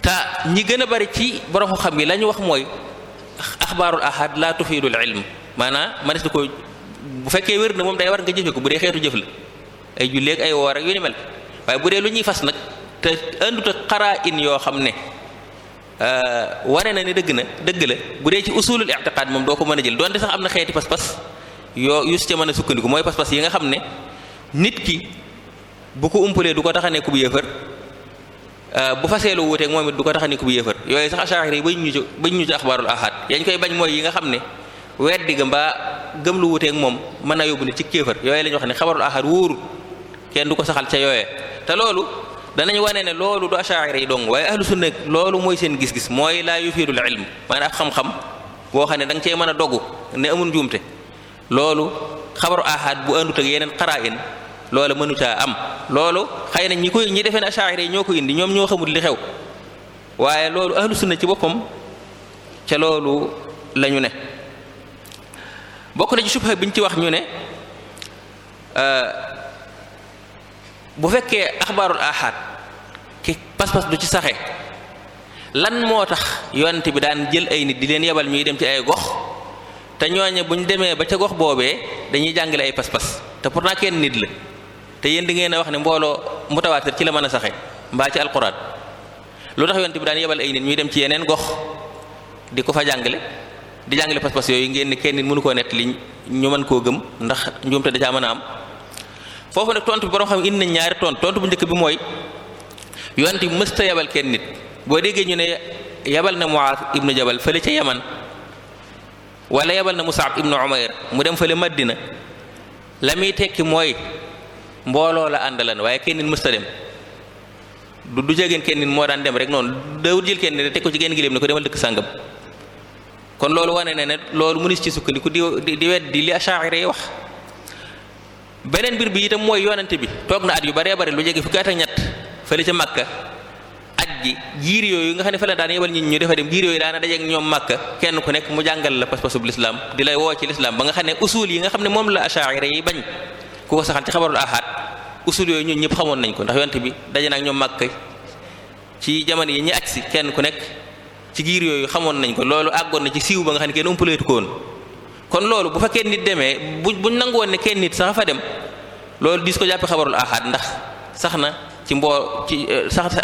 [SPEAKER 2] te ñi gën a bari ci borom xam yi la wax mooy axbaarul ahad la tufidul ilm maanaam manes na ko bu fekkee wér na moom day war nga jëfe ko bu dee xeetu jëf la ay julleeg ay woor ak yu ni mel waaye bu dee lu ñuy fas nag te andut ak in yoo xam ne Euh, ware na ne dëgg na dëgg la bu dee ci usulul i'tiqaad moom doo ko mën a jël donte sax am na xeeti pas-pas yoo yu si ca mën a sukkandiku mooy pas-pas yi nga xam ne nit ki bu ko umpalee du ko tax a nekk bu yéefar euh, bu faseelu wuuteeg moom it du ko tax a nekk bu yéefar yooyu sax achaari yi bañ ñu ci bañ ñu ci axbaarul ahad yañ koy bañ mooy yi nga xam ne weddi ga mbaa gëm lu wuuteeg moom mën a yóbbu ne ci kéefar yooyu la ñu wax ne xabarul ahad wóorul kenn du ko saxal ca yooyee te danañu wane ne loolu du achaira yi dong waaye ahlu sunna loolu mooy seen gis-gis mooy laa yufiidul ilm maanaam ab xam-xam boo xam ne da cee mën a dogg ne amul njuumte loolu xabaru ahad bu àndut ak yeneen xaraa'in loola mënutaa am loolu xëy na ñi koy ñi defee ne achaira yi ñoo ko indi ñoom ñoo xamul li xew waaye loolu ahlu sunna ci boppam ca loolu lañu ne bokk na ci bi biñ ci wax ñu ne. Euh, bu fekkee axbaarul ahad ki pas-pas du ci saxe lan moo tax yonent bi daan jël ay nit di leen yebal ñuy dem ci ay gox te ñooñe bu ñu demee ba ca gox boobee dañuy jàngale ay pas-pas te pour pourtant kenn nit la te yéen di ngeen a wax ne mbooloo mutawaatir ci la mën a saxe mbaa ci alquran lu tax yonent bi daan yebal ay nit ñuy dem ci yeneen gox di ko fa jàngale di jàngale pas-pas yooyu ngeen ne kenn nit mënu koo nett li ñu mën koo gëm ndax njuumte da caa mën a am foofu nag tontu bi xam indi nañ ñaari tontu tontu bu njëkk bi mooy yonent bi mësta yabal kenn nit boo déggee ñu ne yabal na Muaaz ibnu Jabal fële ca Yaman walla yabal na Musab ibnu Umayr mu dem fële Madina la muy tekki mooy mbooloo la àndalan waaye kenn nit mësta dem du du jegeen kenn nit moo daan dem rek noonu dawul jël kenn nit teg ko ci gen giléem ne ko demal dëkk sàngam kon loolu wane ne ne loolu munis ci sukkandiku di di wet di li achaire wax beneen mbir bi itam mooy yonent bi toog na at yu baree bari lu jege fukki at ak ñett fële ca Makka aj gi giir yooyu nga xam ne fa la daan yebal ñi ñu defa dem giir yooyu daana dajeek ñoom Makka kenn ku nekk mu jàngal la pas-pasub lislaam di lay woo ci lislaam ba ne usul yi nga xam ne moom la achaira yi bañ yooyu ñun ñëpp xamoon nañ ko ndax yonent bi daje naak ñoom Makka ci jamono yi ñi aj si kenn ku nekk ci giir yooyu xamoon nañ ko loolu àggoon na ci siiw ba nga xam ne kenn umpaleetu kon loolu bu fa kenn nit demee bu buñ nangu woon kenn nit sax fa dem loolu dis ko jàppe xabarul ahad ndax sax na ci mboo ci eh, sax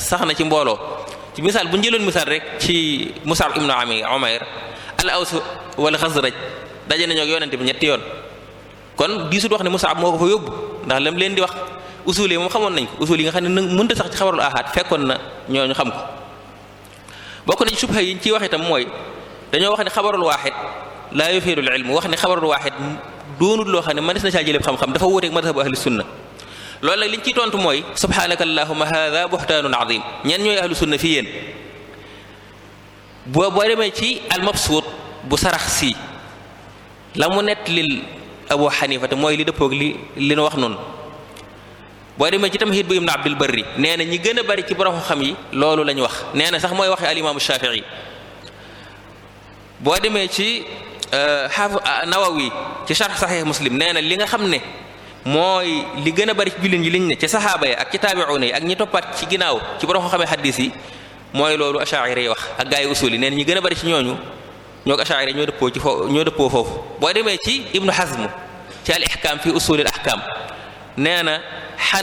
[SPEAKER 2] sax na ci mbooloo ci misaal bu ñu jëloon misaal rek ci Musab ibnu ami Umayr al Aws wala Xasraj daje nañoo ak yonente bi ñetti yoon kon diisut wax ne Musab moo ko fa yóbbu ndax lam leen di wax usul yi moom xamoon nañ ko usul yi nga xam ne mënta sax ci xabarul ahad fekkoon na ñooñu xam ko bokk nañ subha yi ci wax itam mooy dañoo wax ne xabarul waaxid laa yufidul ilm wax ne xabarul waaxid doonut loo xam ne mënees na caa jëleb xam-xam dafa wuuteeg madhabu ahli sunna loolu nag liñ ciy tontu mooy subhanaka allahuma hada buxtaanun azim ñen ñooy ahlu sunna fii yéen boo boo demee ci almabsuut bu sarax si la mu nett lil abu xanifa te mooy li dëppoog li li nu wax noonu boo demee ci tamhid bu ibn abdul bari nee na ñi gën a bari ci borom xam yi loolu lañ wax nee na sax mooy waxe alimaamu shafii boo demee ci xaaf euh, euh, nawawi ci sharh sahih muslim nee na li nga xam ne mooy li gën a bari ci jullit ñi liñ ne ci saxaaba yi ak ci taabi'uuna yi ak ñi toppaat ci ginnaaw ci borom xam-xame xaddis yi mooy loolu ashaari yi wax ak gaa yi usul yi nee na ñi gën a bari ci ñooñu ñoo ko ashaari ñoo dëppoo ci foofu ñoo dëppoo foofu boo demee ci ibnu hazm ci al ihkam fi usulil ahkam nee na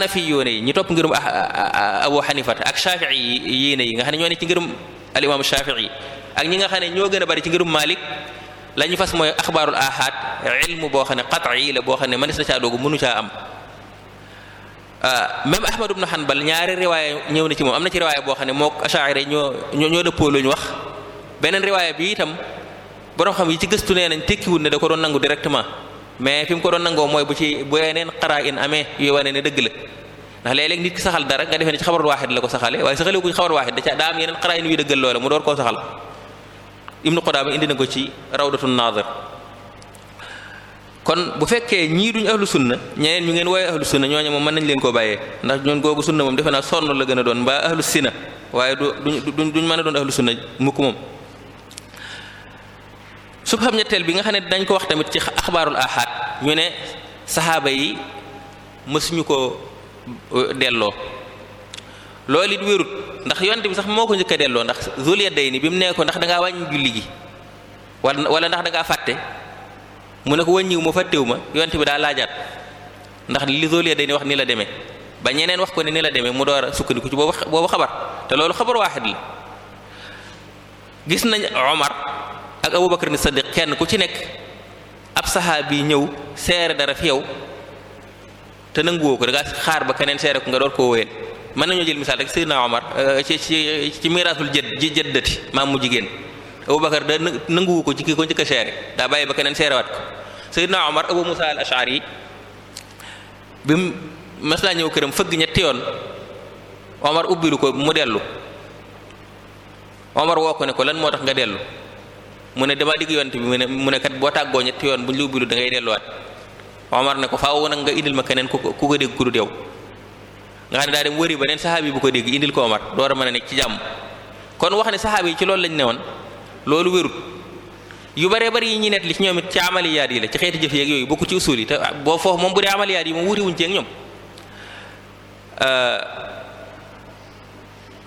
[SPEAKER 2] fi yoone yi ñi topp ngërum ah, ah, ah, abu xanifata ak shafii yi yéene yi nga xam ne ñoo ne ci ngërum al imam shafii ak ñi nga xam ñoo gën a bari ci ngërum malik la ñu fas mooy axbaarul ahad ilmu boo xam ne qat'i la boo xam ne mënees na caa doogu mënu caa am ah, même Ahmad ibn Hanbal ñaari riwaaya ñëw na ci moom am na ci riwaaya boo xam ne moo Ash'ari ñoo ñoo dëppoo lu ñu wax beneen riwaaya bi itam borom xam yi ci gëstu nee nañ tekkiwul ne da ko doon nangu directement mais fi mu ko doon nangoo mooy bu ci bu yeneen xaraa'in amee yooyu wane ne dëgg la ndax léeg-léeg nit ki saxal dara nga defee ne ci xabarul waaxid ko saxale ibnu Qudaama indi na ko ci rawdatun naadir kon bu fekkee ñii duñ ahlu sunna ñeneen ñu ngeen wooye ahlu sunna ñooñu moom mën nañ leen koo bàyyee ndax ñun googu sunna moom defe naa sonn la gën a doon mbaa ahlu sina waaye du duñ duñ mën a doon ahlu sunna mukk moom subham ñetteel bi nga xam ne dañ ko wax tamit ci axbaarul ahad ñu ne saxaaba yi mësuñu ko euh, delloo loolu it wérut ndax yonte bi sax moo ko njëkk a delloo ndax zul ni bi mu nee ko ndax da ngaa wàññi julli gi wala ndax da fàtte mu ne ko wàññiw ma fàttewu ma yonte bi daa laajaat ndax li day ni wax ni la demee ba ñeneen wax ko ne ni la demee mu door a sukkandiku ci boobu boobu xabar te loolu xabar waaxid la gis nañ Omar ak Abubakar ni Sadiq kenn ku ci nekk ab bi ñëw seere dara fi yow te nanguwoo ko da xaar ba keneen seere ko nga door koo mën nañoo jël misaal rek Seydina Omar euh, ci ci ci miraasul jëd ji jëddati maam mu jigéen ba Aboubacar da nanguwu ko ci ki ko njëkk seere daa bàyyi ba keneen seerewaat ko Seydina Omar Abu Musa al Ashari mu ñëw këram fëgg ñetti yoon Omar ubbilu mu dellu Omar woo ko ne ko lan moo tax nga dellu mu ne damaa digg yonte bi mu ne mu ne boo tàggoo ñetti yoon bu ñu la ubbilu da ngay delluwaat Omar ne ko faaw nag nga indil ma keneen ku ko dégg ku dul yow nga xam ne daa dem wëri beneen saxaabi bu ko dégg indil ko Omar door a mën a nekk ci jàmm kon wax ne saxaabi yi ci loolu lañ woon loolu wérut yu baree bari yi ñuy net li ci ñoom it ci yi la ci xeeti jëf yeeg yooyu bokku ci usul yi te boo foofu moom bu dee amaliyaat yi moom wuti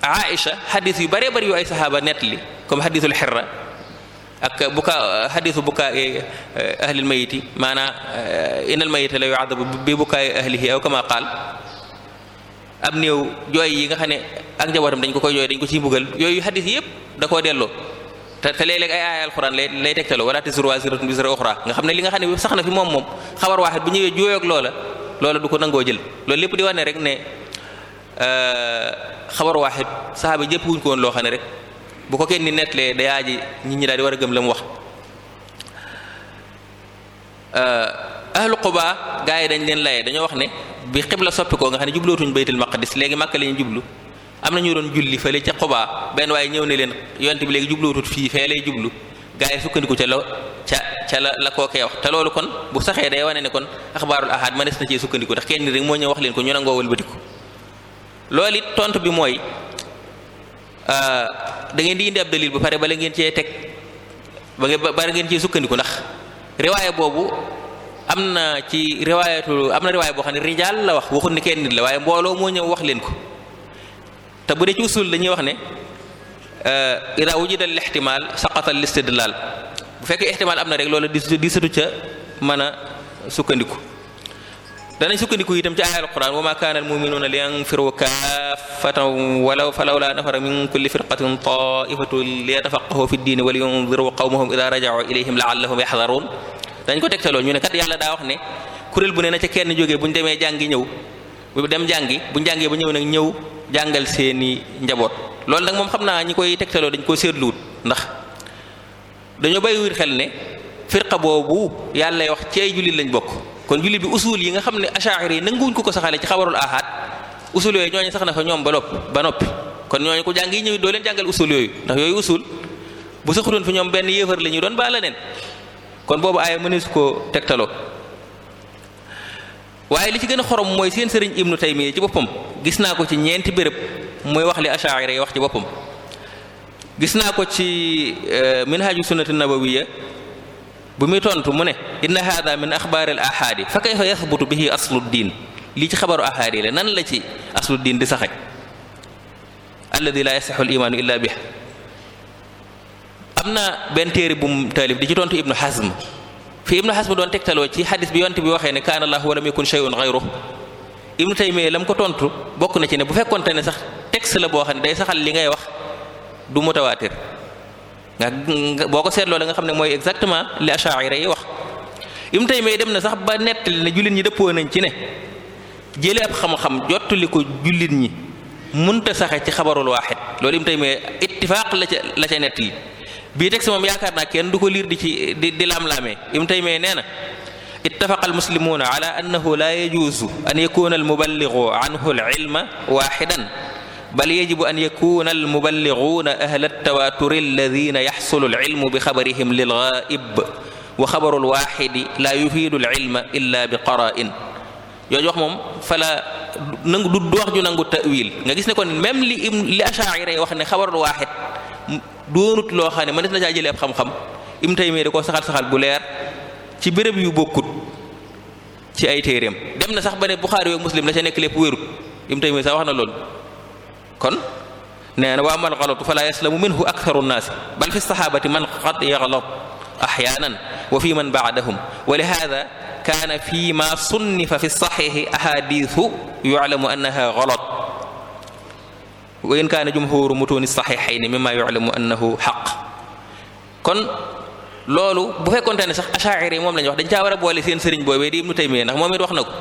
[SPEAKER 2] euh, xadis yu baree bari yu ay saxaaba net li comme xadisul xirra ak bukaa xadisu bukaa ahlil mayiti maanaa euh, inal mayita la yuadabu bi bukaa ahlihi aw kama qaal am néew jooy yi nga xam ne ak njabootam dañ ko koy jooy dañ ko ciy mbugal yooyu xadis yëpp da koo dello te te léeg-léeg ay aaya alxuraan lay lay tegtaloo wala tasiru waasiratun wisra uxra nga xam ne li nga xam ne sax na fi moom moom xabar waaxit bu ñëwee juyoo ak loola loola du ko nangoo jël loolu lépp di wane rek ne euh, xabar waaxit saxaaba jëpp wuñ ko woon loo xam ne rek bu ko kenn ni nettalee dayaaji nit ñi daal di war a gëm la mu wax euh, ahlu Quba gaa yi dañ leen layee dañoo wax ne bi xibla soppi ko nga xam ne jublootuñ baytul maqdis léegi Makka lañu jublu am na ñu doon julli fële ca Quba benn waaye ñëw ne leen yonent bi léegi jublootut fii fee lay jublu gaa sukkandiku ca la ca ca la la kookee wax te loolu kon bu saxee day wane ne kon axbaarul ahad mënees na cee sukkandiku ndax kenn rek moo ñëw wax leen ko ñu nangoo wëlbatiku loolu it tontu bi mooy euh, da di indi ab dalil bu pare bala ngeen cee teg ba ngeen ngeen cee sukkandiku ndax riwaaya boobu am na ci riwaayatu am na riwaay boo xam ne rijaal la wax waxul ni kenn nit la waaye mbooloo moo ñëw wax leen ko te bu dee ci usul dañuy wax ne euh, ida wujida al ihtimal saqata al istidlal bu fekkee ihtimal am na rek loolu di satu ca mën a sukkandiku danañ sukkandiku itam ci aaya alquran wa ma kaana almuminuuna li yanfiru kaafatan walaw falawla nafara min kulli firqatin taifatu li yatafaqahu fi ddini wa li yundiru ida rajacuu ilayhim laallahum yaxdaruun dañ ko tegtaloo ñu ne kat yàlla daa wax ne kuréel bu ne na ca kenn jógee bu ñu demee jàngi ñëw bu dem jàngi bu jàngee ba ñëw nag ñëw jàngal seeni njaboot loolu nag moom xam naa ñi koy tegtaloo dañ koo seetluwut ndax dañoo bàyyi wir xel ne firqa boobu yàlla wax ci ay jullit lañ bokk kon jullit bi usul yi nga xam ne achaari yi nanguwuñ ko ko saxale ci xabarul ahad usul yooyu ñooñu sax na fa ñoom ba nopp ba noppi kon ñooñu ko jàng yi ñëw doo leen jàngal usul yooyu ndax yooyu usul bu saxuloon fi ñoom benn yéefar la ñu doon baa la neen kon boobu aaya mënees koo tegtaloo waaye li ci gën a xorom mooy seen sëriñ ibnu taymiya ci boppam gis naa ko ci ñeenti béréb mooy wax li ashaari wax ci boppam gis naa ko ci euh, minhaju sunnati nabawiya bu muy tontu mu ne inna hada min axbaari al ahaadi fa kayfa yasbutu bihi aslu diin lii ci xabaru ahaadi la nan la ci aslu diin di saxe alladi la yasixu al imaanu am na benn téere bu mu taalif di ci tontu ibnu Hazm fi ibnu Hazm doon tegtaloo ci xadis bi yonent bi waxee ne kaana Allahu wa lam yakun shay'un ghayruhu ibnu Taymiyya la mu ko tontu bokk na ci ne bu fekkonte ne sax texte la boo xam ne day saxal li ngay wax du mutawaatir nga boo ko seetloo la nga xam ne mooy exactement li Ash'ari yi wax ibnu Taymiyya dem na sax ba nettali ne jullit ñi dëppoo nañ ci ne jëlee ab xam-xam jottali ko jullit ñi munta saxe ci xabarul waaxid loolu ibnu Taymiyya ittifaaq la ca la ca nettali bii texte moom yaakaar naa kenn du ko liir di ci di di laam-laamee ibnu taymiya nee na ittafaqa almuslimuuna ala annahu laa yajuusu an yakuna almuballigu anhu alilma waaxidan bal yajibu an yakuna almuballiguna ahla altawaaturi alladina yaxsulu alilmu bi xabarihim lilgaaib wa xabaru alwaaxidi laa yufiidu alilma illa bi qaraa'in yooju wax moom fala nangu du wax ju nangu ta'wil nga gis ne kon même li im li ashaira wax ne xabarul waaxid doonut loo xam ne mënees na caa jëlee ab xam-xam Ibnu Taymiyya da koo saxal saxal bu leer ci béréb yu bokkut ci ay téeréem dem na sax ba ne Buxaari ak Muslim la ca nekk lépp wérut Ibnu Taymiyya sax wax na lool kon nee na wa amal xalatu fala yaslamu minhu aktharu nnaasi bal fi saxaabati man qad yaxlat axyaanan wa fi man baadahum wa lihaada kaana fi ma sunnifa fi saxiixi ahadiisu yuclamu annaha xalat wa in kaana jumhuru mutuuni saxiixayni mimma yuclamu annahu kon loolu bu fekkonte ne sax achaari yi moom lañu wax dañ caa war a boole seen sëriñ boobee di ibnu taymiya ndax moom it wax na ko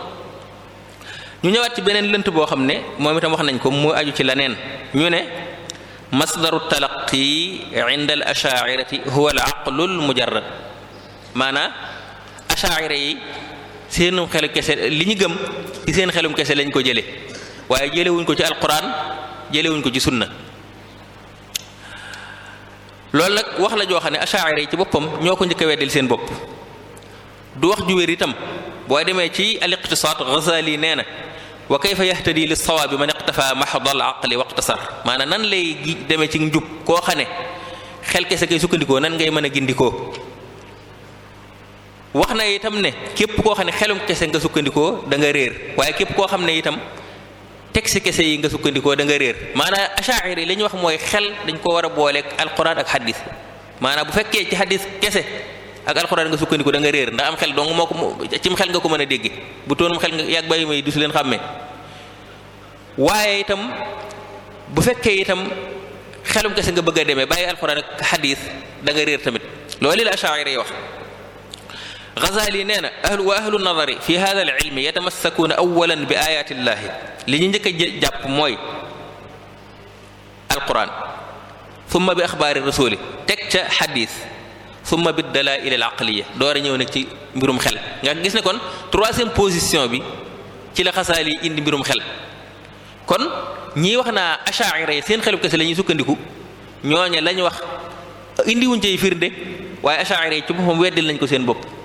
[SPEAKER 2] ñu ñëwaat ci beneen lënt boo xam ne moom itam wax nañ ko mu aju ci leneen ñu ne masdaru talaqi inda al achairati huwa al aqlu al mujarrad maanaa achaira yi seenum xelu li ñu gëm seen xelum kese lañ ko jële waaye ko ci alquran jëlewuñ ko ci sunna loolu nag wax la joo xam ne achaira yi ci boppam ñoo ko njëkk a seen bopp du wax ju wér itam boo demee ci al iqtisaad Ghazali nee na wa kayfa yahtadi li sawaabi man iqtafa maxdal aqli waqtasar maanaam nan lay demee ci njub koo xam ne xel kese kay sukkandikoo nan ngay mën a gindikoo wax na itam ne képp koo xam ne xelum kese nga sukkandikoo da nga réer waaye képp koo xam ne itam teg texte kese yi nga sukkandikoo da nga réer maanaam achaari li ñu wax mooy xel dañ ko war a booleeg alquran ak xadis maanaam bu fekkee ci xadis kese ak nga sukkandikoo da nga réer ndax am xel dong moo ko cim xel nga ko mën a dégg bu toonum xel nga yàgg bàyyi may du si leen xàmmee waaye itam bu fekkee itam xelum kese nga bëgg a demee bàyyi alquran ak xadis da nga réer tamit loolu la achaari yi wax Ghazali nee na ahlu wa ahlu nadari fi hada al ilmi yatamassakuuna awalan bi li ñu njëkk a jàpp mooy alquran summa bi axbaari teg ca xadis summa bi dalail al aqliya door a ñëw ci mbirum xel nga gis ne kon troisième position bi ci la Ghazali indi mbirum xel kon ñii wax naa achaira yi seen xelu kese la ñuy sukkandiku ñooñe lañ wax indiwuñ cay firnde waaye achaira yi ci boppam weddil nañ ko seen bopp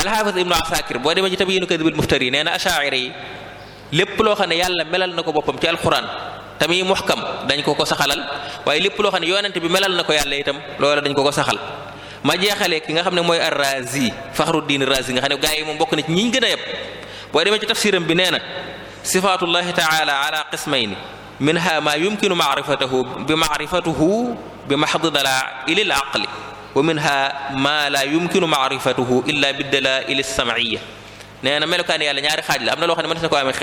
[SPEAKER 2] alxaafis ibnu asakir boo demee ci tabyinu kadibil muftari nee na achaira yi lépp loo xam ne yàlla melal na ko boppam ci alquran tamit muxkam dañ ko ko saxalal waaye lépp loo xam ne yonent bi melal na ko yàlla itam loola dañ ko ko saxal ma jeexalee ki nga xam ne mooy arrazi faxruddin razi nga xam ne gaa yi bokk na ci ñi ñu gën a yëpp boo demee ci tafsiram bi nee na sifaatullahi taala ala qismayni minha ma yumkinu maarifatahu bi maarifatuhu bi maxdi dala ilil aqli wa minha ma la yumkinu maarifatuhu illa bi dalail samaiya nee na melokaan yàlla ñaari xaaj la am na loo xam ne mënees na koo amee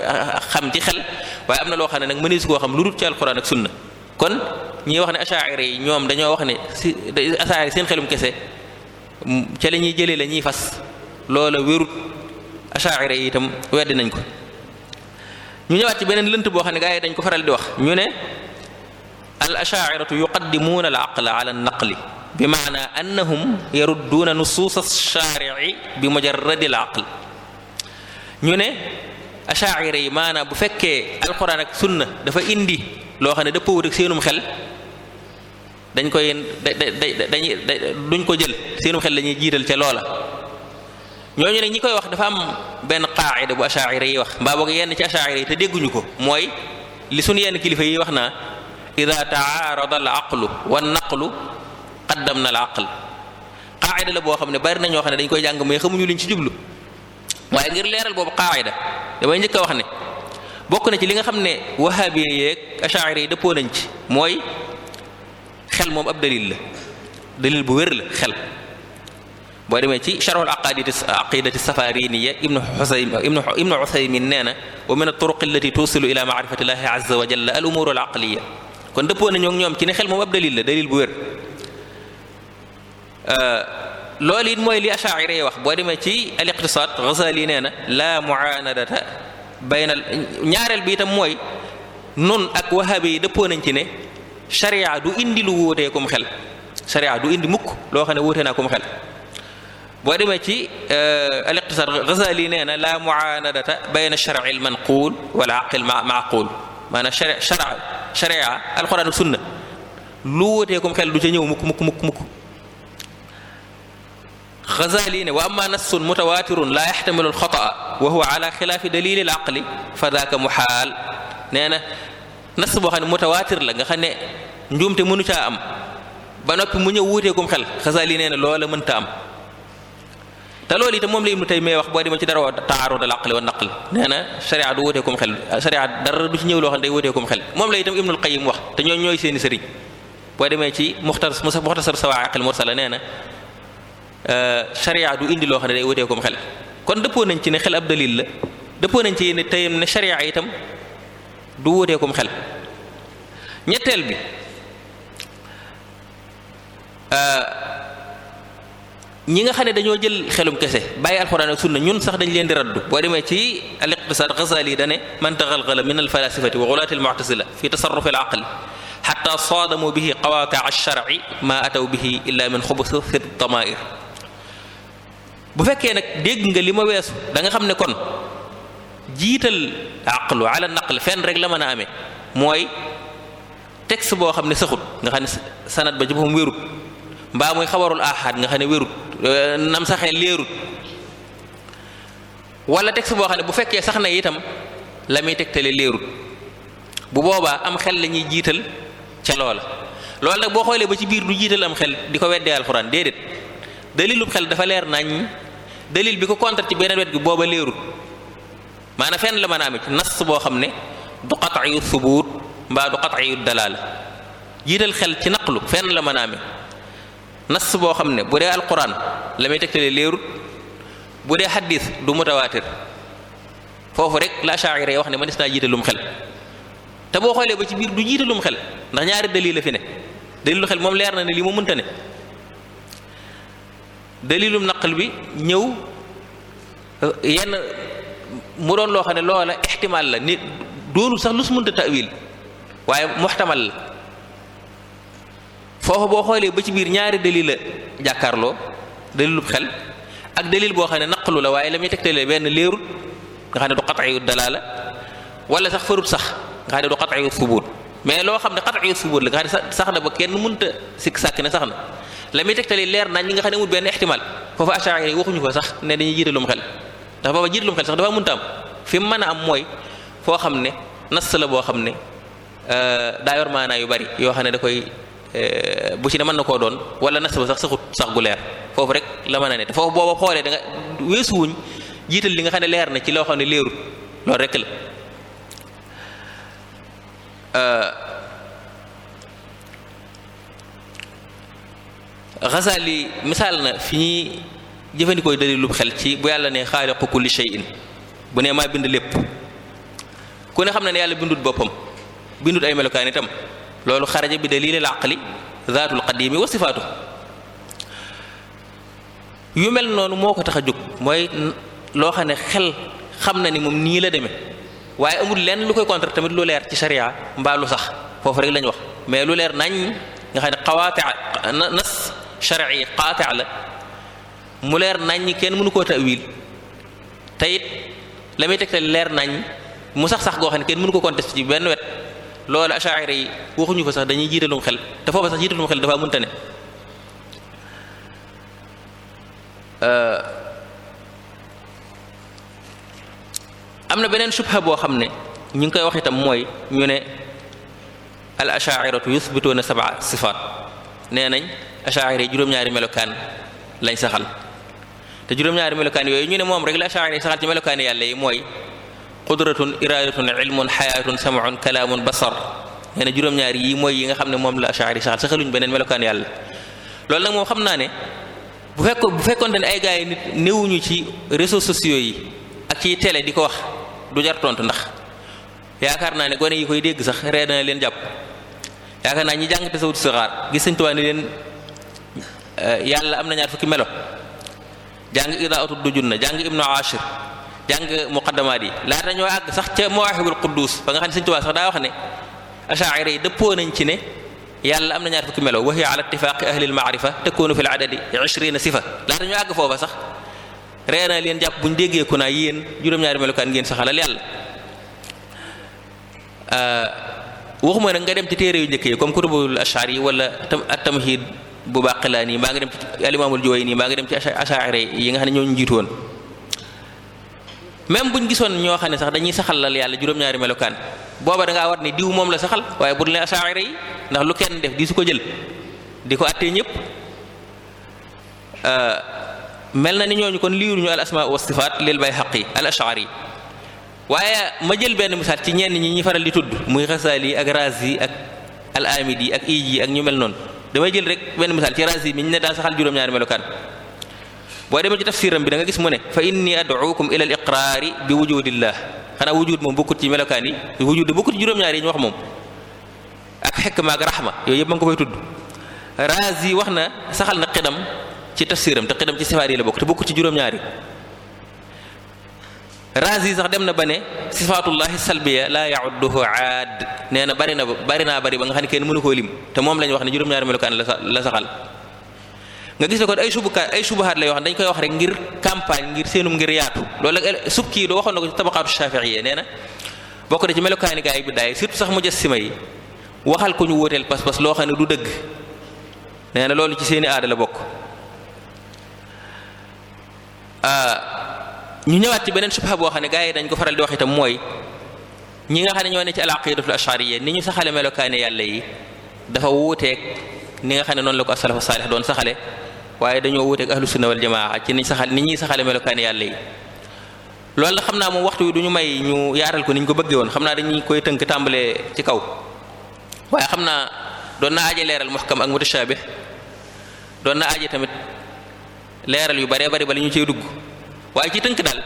[SPEAKER 2] xam ci xel waaye am na loo xam ne nag nis koo xam lu dul ci alquran ak sunna kon ñi wax ne achaira yi ñoom dañoo wax ne si achaira seen xelum kese ca la ñuy jëlee la ñuy fas loola wérut achaira yi itam weddi nañ ko ñu ñëwaat ci beneen lënt boo xam ne gaa dañ ko faral di wax ñu ne al achairatu yuqaddimuuna al aqla ala an naqli bi maana annahum yarudduuna nusuus ash-shaari'i bi mujarradi al-aql ñu ne achaira yi maanaam bu fekkee alquran ak sunna dafa indi loo xam ne dëppawut ak seenum xel dañ koy da dañuy duñ ko jël seenum xel la jiital ca loola ñooñu ne ñi koy wax dafa am benn qaacida bu achaira yi wax mbaa boog yenn ci achaira yi te dégguñu ko mooy li sunu yenn kilifa yi wax naa ida taarada al wa naqlu qaddam na al aql qaayida la boo xam ne bari na ñoo xam ne dañ koy jàng mais xamuñu liñ ci jublu waaye ngir leeral boobu qaayida damay njëkk a wax ne bokk na ci li nga xam ne wahaabi yeeg achaari yi dëppoo nañ ci mooy xel moom ab dalil la dalil bu wér la xel boo demee ci charhul aqaidati aqidati safariniya ibnu xusaym na wa min alturuq allati tusilu ila maarifati llahi azza wa jalla al umuru al aqliya kon Euh, loolu it mooy li achaira yi wax boo demee ci al iqtisaad Ghazali nee na la muanadata bayna ñaareel bi itam mooy nun ak wahabi yi dëppoo nañ ci ne sharia du indi lu wóotee kum xel sharia du indi mukk loo xam ne wóotee naa kum xel boo demee ci euh, al iqtisaad Ghazali nee na la muanadata bayna sharci al manquul wala aqil maaquul maanaam sharia sharia alquran ak sunna lu wóotee kum xel du ca ñëw muk mukk mukk Ghazali ne wa amma nassun mutawatirun la yaxtamilu alxataa wa huwa ala xilaafi dalili l aqli fa daaka muxaal nee na nas boo xam ne mutawaatir la nga xam ne njuumte mënu caa am ba noppi mu ñëw wuuteekum xel Ghazali nee na loola mënta am te loolu itam moom la Ibnu Taymiyya wax boo demee ci dara wa taarud al aqli wa naql na sharia du wuuteekum dara du ci ñëw loo xam ne day wuuteekum xel moom la itam Ibnul Qayyim wax te ñoo ñooy seeni sëriñ boo demee ci muxtasar muxtasar sawaaqil mursala nee na Euh, sharia du indi loo xam ne day wutee comme kon dëppoo nañ ci ne xel ab dalil la dëppoo nañ ci ne tey ne sharia itam du wutee ñetteel bi euh, ñi nga xam ne dañoo jël xelum kese bàyyi alxuraan ak sunna ñun sax dañ leen di raddu boo demee ci al iqtisaad Ghazali dane man taxalqala min al falasifati wa gulaati al mu'tazila fi tasarrufi al aqli xata saadamu bihi qawaaqi al sharci ma ataw bihi illa min xubusi fi damair bu fekkee nag dégg nga li ma weesu danga xam ne kon jiital aqlu ala la fenn rek la mën a amee mooy texte boo xam ne saxut nga xam ne sanat ba ci boppam wérut mbaa mooy xabarul ahad nga xam ne wérut euh, nam saxee leerut wala texte boo xam ne bu fekkee sax na itam la muy tegtale leerut bu boobaa am xel la ñuy jiital ca loola loolu nag boo xoolee ba ci biir du jiital am xel di ko weddee alxuraan déedéet dalilub xel dafa leer nañ dalil bi ko contre ci beneen wet gi booba leerul maanaam fenn la mën a amee ci nas boo xam ne du qat'iyu subut mbaa du qat'iyu dalaala jiital xel ci naqlu fenn la mën a amee nas boo xam ne bu dee alquran la may tegtalee leerut bu dee xadis du mutawaatir foofu rek la shaacira yi wax ne mënees naa jiitalum xel te boo xoolee ba ci biir du jiitalum xel ndax ñaari dalil la fi ne dalilul xel moom leer na ne li ma mënta ne dalilum naqal bi ñëw euh, yenn mu doon loo xam ne loola ixtimaal la ni doonul sax lu su mënta tawil waaye muxtamal la foofu boo xoolee ba ci biir ñaari dalil la jàkkaarloo dalilub xel ak dalil boo xam ne naqalu la waaye la muy tegtalee benn léerut nga xam ne du qat'iyu la wala sax farut sax nga xam ne du qat'iyu subuut mais loo xam ne qat'iyu subuut la nga xam ne sax na ba kenn mënta sikk sàkk ne sax na la muy tegtali leer nañ li nga xam ne amul benn ixtimal foofu achaari waxuñu ko sax ne dañuy jiitalum xel ndax booba jiitalum xel sax dafa mënta am fi mu mën a am mooy foo xam ne nas la boo xam ne euh, daa yor yu bari yoo xam ne da koy euh, bu ci ne mën na koo doon wala nas ba sax saxut sax gu leer foofu rek la mën a ne te foofu booba xoolee da nga weesuwuñ jiital li nga xam ne leer na ci loo xam ne leerut loolu rek la euh, Ghazali misaal na fi ñuy jëfandikoo dalilu xel ci bu yàlla ne xaaliqu kulli shay'in bu ne maa bind lépp ku ne xam na ne yàlla bindut boppam bindut ay melokaan itam loolu xaraja bi dalil al-aqli zaatul qadimi wa sifaatu yu mel noonu moo ko tax a jóg mooy loo xam ne xel xam na ni moom nii la demee waaye amul leen lu koy contre tamit lu leer ci sharia mbaa sax foofu rek lañu wax mais lu leer nañ nga xam ne xawaati nas shar'i qaati' la mu leer nañ ñi kenn mënu koo tawil te it la te tegtal leer nañ mu sax sax goo ne kenn mënu ko contesté ci benn wet loolu ashaira yi waxuñu ko sax dañuy jiitalum xel te foofa sax jiitalum xel dafa mënta ne am na beneen subha boo xam ne ñu ngi koy wax itam mooy ñu ne al ashairatu yuthbituuna sab'a sifaat nee nañ achaari juróom-ñaari melokaan lañ saxal te juróom-ñaari melokaan yooyu ñu ne moom rek la achaari saxal ci melokaan yàlla yi mooy qudratun iradatun ilmun xayaatun samaun kalaamun basar nee na juróom-ñaari yi mooy yi nga xam ne moom la achaari saxal saxaluñ beneen melokaan yàlla loolu nag moom xam naa ne bu fekko bu fekkonte ne ay gars yi nit néewuñu ci réseaux sociaux yi ak ci tele di ko wax du jar tontu ndax yaakaar naa ne gone yi koy dégg sax ree dana leen jàpp yaakaar naa ñi Eh, yàlla am na ñaar fukki melo jàng idaatu dujun na jàng ibnu ashir jàng muqaddamaat yi laata ñoo àgg sax moo mawaahibul quddus ba nga xam ne sëñ Tuubaa sax daa wax ne achaira yi dëppoo nañ ci ne yàlla am na ñaar fukki melo wa hiya ala ittifaqi ahlil maarifa takunu fi l adadi sax leen jàpp bu ñu naa yéen juróom-ñaari melukaan ngeen saxalal yàlla eh, waxuma nag nga dem ci téere yu njëkk yi comme kutubul yi wala at tamhid bu baqilaan yi mbaa nga dem ci alimaamul jooy nii mbaa nga dem ci asaare yi nga xam ne ñoo ñu woon même buñ gisoon ñoo xam ne sax dañuy saxal saxalal yàlla juróom-ñaari melokaan booba da ngaa war ne diw moom la saxal waaye bu ne asaare yi ndax lu kenn def di su ko jël di ko attee ñëpp euh, mel na ni ñooñu kon liiruñu al asmaa wa sifaat lil bayhaqi al yi waaye ma jël benn misaal ci ñenn ñi ñi faral di tudd muy xasaal yi ak raas yi ak al amid yi ak iij ñu mel noonu damay jël rek benn misaal ci raasi mi ñu ne daa saxal juróom-ñaari melokaan boo demee ci tafsiram bi da gis mu ne fa inni ad'ukum ila al iqraari bi wujudillah xanaa wujud moom bokkut ci melokaan yi wujud bokkut ci juróom-ñaari yi ñu wax moom ak xekma ak raxma yooyu yëpp ma ngi ko fay tudd raasi wax na saxal na xidam ci tafsiram te xidam ci sifaar yi la bokk te bokkut ci juróom-ñaari Razi sax dem na ba ne sifaatullahi salbiya laa yaudduhu aad nee na bari na bari naa bari ba nga xam ne kenn mënu koo lim te moom lañu wax ne juróom-ñaari melukaan la la saxal nga gis ko kon ay subukaat ay subahaat la yoo xam dañ koy wax rek ngir campagne ngir seenum ngir yaatu loolu ak sukki doo waxoon na ko ci tabaqaatu shafiiya nee na bokk na ci melukaani gaa yi bi daay surtout sax mujassima yi waxal ko ñu wóoteel pas-pas loo xam ne du dëgg nee na loolu ci seeni aada bokk ah, ñu ñëwaat ci beneen subha boo xam ne gars yi dañ ko faral di wax itam mooy ñi nga xam ne ñoo ne ci al aqidatul ashariya ni ñu saxale melokaani yàlla yi dafa wuuteeg ni nga xam ne noonu la ko asalafu saalix doon saxale waaye dañoo wuuteeg ahlu sunna wal jamaa ci ni saxal ni ñuy saxale melokaani yàlla yi loolu la xam naa moom waxtu wi du may ñu yaaral ko ni ko bëggee woon xam naa koy tënk tàmbalee ci kaw waaye xam naa doon naa aje leeral muhkam ak mutashabih doon na aje tamit leeral yu baree bari ba li ñu ciy dugg waaye ci tënk daal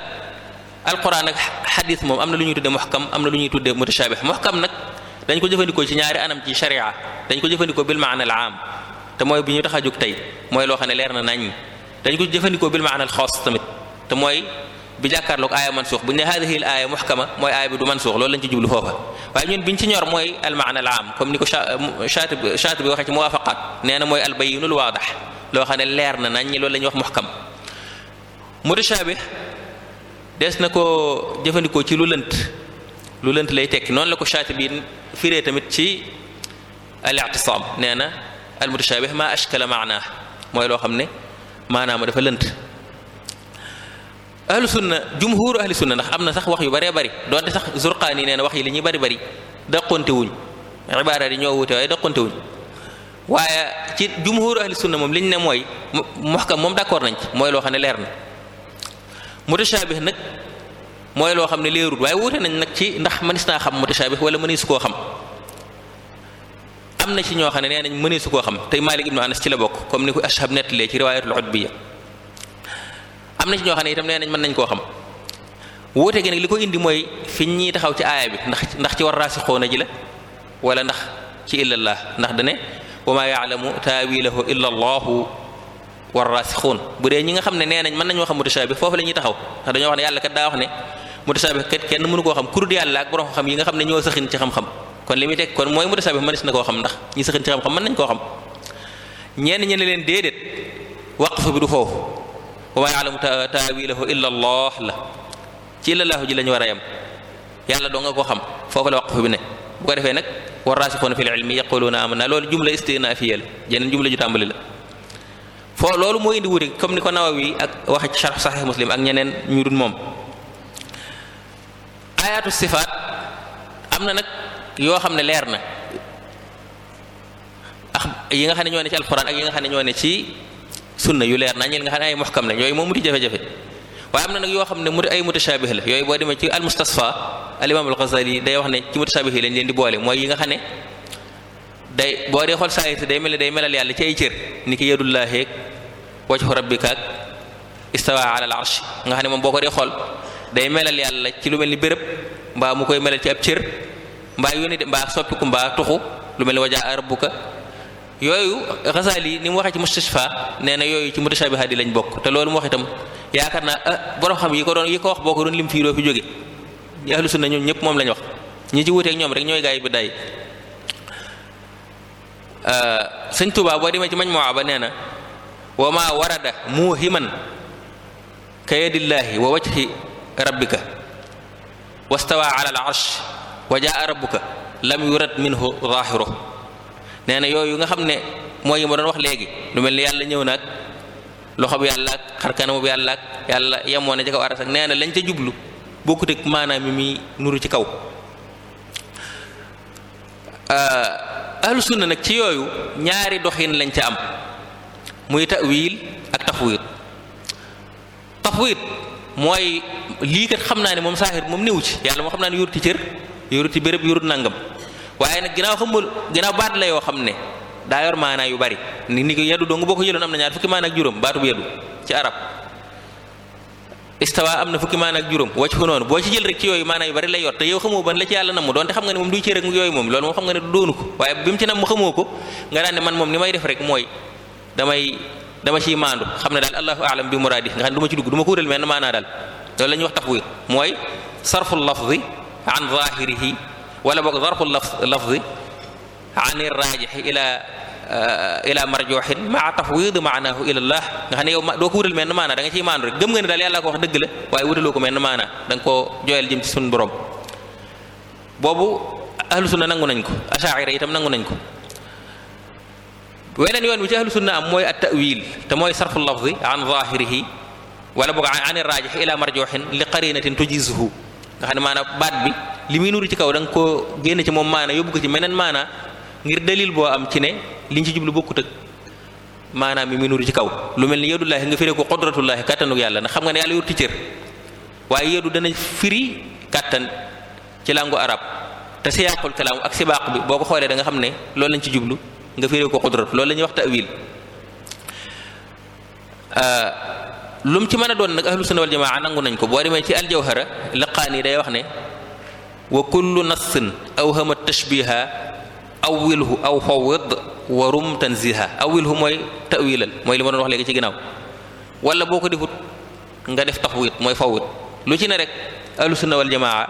[SPEAKER 2] alquran ak xadis moom am na lu ñuy tuddee muhkam am na lu ñuy tuddee mutashabih muhkam nag dañ ko jëfandikoo ci ñaari anam ci sharia dañ ko jëfandikoo bil maana al aam mooy bi ñu tax tey mooy loo xam ne leer na nañ dañ ko jëfandikoo bil maana al xaas tamit te mooy bi jàkkaarloog aaya mansuux bu ñu ne hadihi al aaya muhkama mooy aaya bi du mansuux loolu lañ ci jublu foofa waaye ñun biñ ci ñor mooy al maana al aam comme ni ko chaat bi waxee ci muwaafaqaat nee na mooy al bayinul waadax loo xam ne leer na nañ ñi loolu la ñuy wax muhkam mutashaabih des na ko jëfandikoo ci lu lënt lu lënt lay tekki noonu la ko Shaatibi fiire tamit ci al-i'tisaam nee na al-mutashaabih maa ashkala maanaa mooy loo xam ne maanaam dafa lënt ahlu sunna jumhur ahlu sunna ndax am na sax wax yu bëree bëri doonte sax Zurqaani nee na wax yi li ñuy bari bëri daqonte wuñ ibaara yi ñoo wute waaye daqonte wuñ waaye ci jumhur ahlu sunna moom liñ ne mooy muhkam moom d'accord nañ mooy loo xam ne leer na mutashaabih nag mooy loo xam ne leerul waaye woote nañ nag ci ndax mënees naa xam mutashaabih wala mëneesu koo xam am na ci ñoo xam ne nee nañ mëneesu koo xam tey Malik ibnu Anas ci la bokk comme ni ko ashab nettalee ci riwaayatul Utbiyya am na ci ñoo xam ne itam nee nañ mën nañ koo xam wuute gi nag li ko indi mooy fi ñuy taxaw ci aaya bi ndax ndax ci war raasixoona ji la wala ndax ci illallah ndax dane wa maa yaalamu taawilahu illa allahu war raasixuun bu dee ñi nga xam ne nee nañ mën nañoo xam mutashaabih foofu la ñuy taxaw ndax dañoo wax ne yàlla kat daa wax ne mutashaabih kat kenn mënu koo xam kurut yàlla ak borom xam yi nga xam na koo xam ndax ñi sëxin ci xam-xam mën nañ koo xam ñenn ñi leen déedéet waqf bi du foofu wa maa yaalamu taawilahu illa allah la ci illa laahu ji la ñu war a yem yàlla doo nga koo xam foofu la waqf bi ne bu ko defee nag war raasixuuna fil ilmi yaquluuna amanna loolu jumla istinaafiya la jeneen jumla la foo loolu mooy indi wuute comme ni ko Nawawi ak waxee ci sharh Sahih Muslim ak ñeneen ñu dul moom ayaatu sifaat am na nag yoo xam ne leer na ak yi nga xam ne ñoo ne ci alxuraan ak yi nga xam ne ñoo ne ci sunna yu leer nañ yi nga xam ne ay muhkam la yooyu moom mu di jafe-jafe waaye am na nag yoo xam ne mu ay mutashaabih la yooyu boo demee ci almustasfa al Ghazali day wax ne ci mutashaabih lañ leen di boole mooy yi nga xam ne day boo dee xool saayit day mel day melal yàlla ci ay cër ni ki yadullaaheeg wajhu rabbikaak istawa ala al arsh nga xam ne moom boo ko dee xool day melal yàlla ci lu mel ni bërëb mbaa mu koy melal ci ab cër mbaa yónni de mbaa soppiku mbaa tuxu lu mel ni wajaa rabbuka yooyu Ghazali ni mu waxee ci mustashfa nee na yooyu ci mutashabihat yi lañ bokk te loolu mu wax itam yaakaar naa ah borom xam yi ko doon yi ko wax boo ko doon lim fii doo fi jóge ahlu sunna ñoom ñëpp moom lañ wax ñi ci wuteeg ñoom rek ñooy gaay bi day sëñ Tuubaa boo demee ci majmuwa ba nee na wa ma warada muuhiman ka yadillaahi wa wajhi rabbika wastawa ala al arsh wa jaa rabbuka lam yurad minhu zaahiru nee na yooyu nga xam ne mooy yi ma doon wax léegi lu mel ni yàlla ñëw naag loxo bi yàlla ak xarkanamu yàlla yemoon yàlla na ci kaw aras ak nee na lañ ca jublu bokkut ak maanaam mi muy nuru ci kaw ahlu sunna nag ci yooyu ñaari doxin lañ ca am muy tawil ak tafwid tafwid mooy lii kat xam naa ne moom saaxir moom néew ci yàlla moo xam naa ne yoruti cër yoruti béréb yorut nangam waaye nag ginnaaw xamul ginnaaw baat la yoo xam ne daa yor maanaa yu bari ni ni ko yeddu dong boo ko jëloon am na ñaar fukki maanaa ak juróom baatu bu yeddu ci arab istawa am na fukki maana ak juróom wacfu noonu boo ci jël rek ci yooyu maanaam yu bari lay yor te yow xamoo la ci yàlla namu doonte xam nga moom duy cee rek yooyu moom loolu moom xam nga du doonu waaye bi ci nam xamoo nga daan ne man moom ni may def rek mooy dama ciy maandu xam ne daal allahu alam bi muraadi nga xam ne ci dugg du ma ko wutal daal loolu la ñuy wax tafwid mooy sarfu lafzi an zahirihi wala boog ila Eh, ila marjooxin maa tafwid maanaahu ilallah nga xam ne yow doo ko wutal menn maanaa da nga ciy rek gëm nga ne daal yàlla ko wax dëgg la waaye wutaloo ko menn maanaa da nga koo jooyal jëm ci suñu borom boobu ahlu sunna nangu nañ ko achaira itam nangu nañ ko weneen yoon bi ci ahlu sunna am mooy at tawil te mooy sarfu lafzi an zahirihi wala boog an irrajih ila marjooxin li qarinatin tujizuhu nga xam ne maanaam baat bi li muy nuru ci kaw danga nga génn ci moom maana ko ci meneen maana ngir dalil boo ci ne liñ ci jublu bokkut ak maanaam mi muy nuru ci kaw lu mel ni yedullaahi nga firee ko qudratullaahi kàttanuk yàlla na xam nga ne yàlla yor ci cër waaye yedu dana firi kàttan ci langu arab te si siyaaqul kalaamu ak sibaaq bi boo ko xoolee da nga xam ne loolu lañ ci jublu nga firee ko qudratu loolu la ñuy wax tawil euh, lu mu ci mën a doon nag ahlu sunna wal jamaa nangu nañ ko boo demee ci al aljawhara yi day wax ne wa kullu nassin awhama tashbiha aw awwilhu aw fawwid warum tanziha awwilhu mooy tawilal mooy li ma doon wax léegi ci ginnaaw wala boo ko defut nga def taxwit mooy fawwid lu ci ne rek ahlu sunna wal jamaa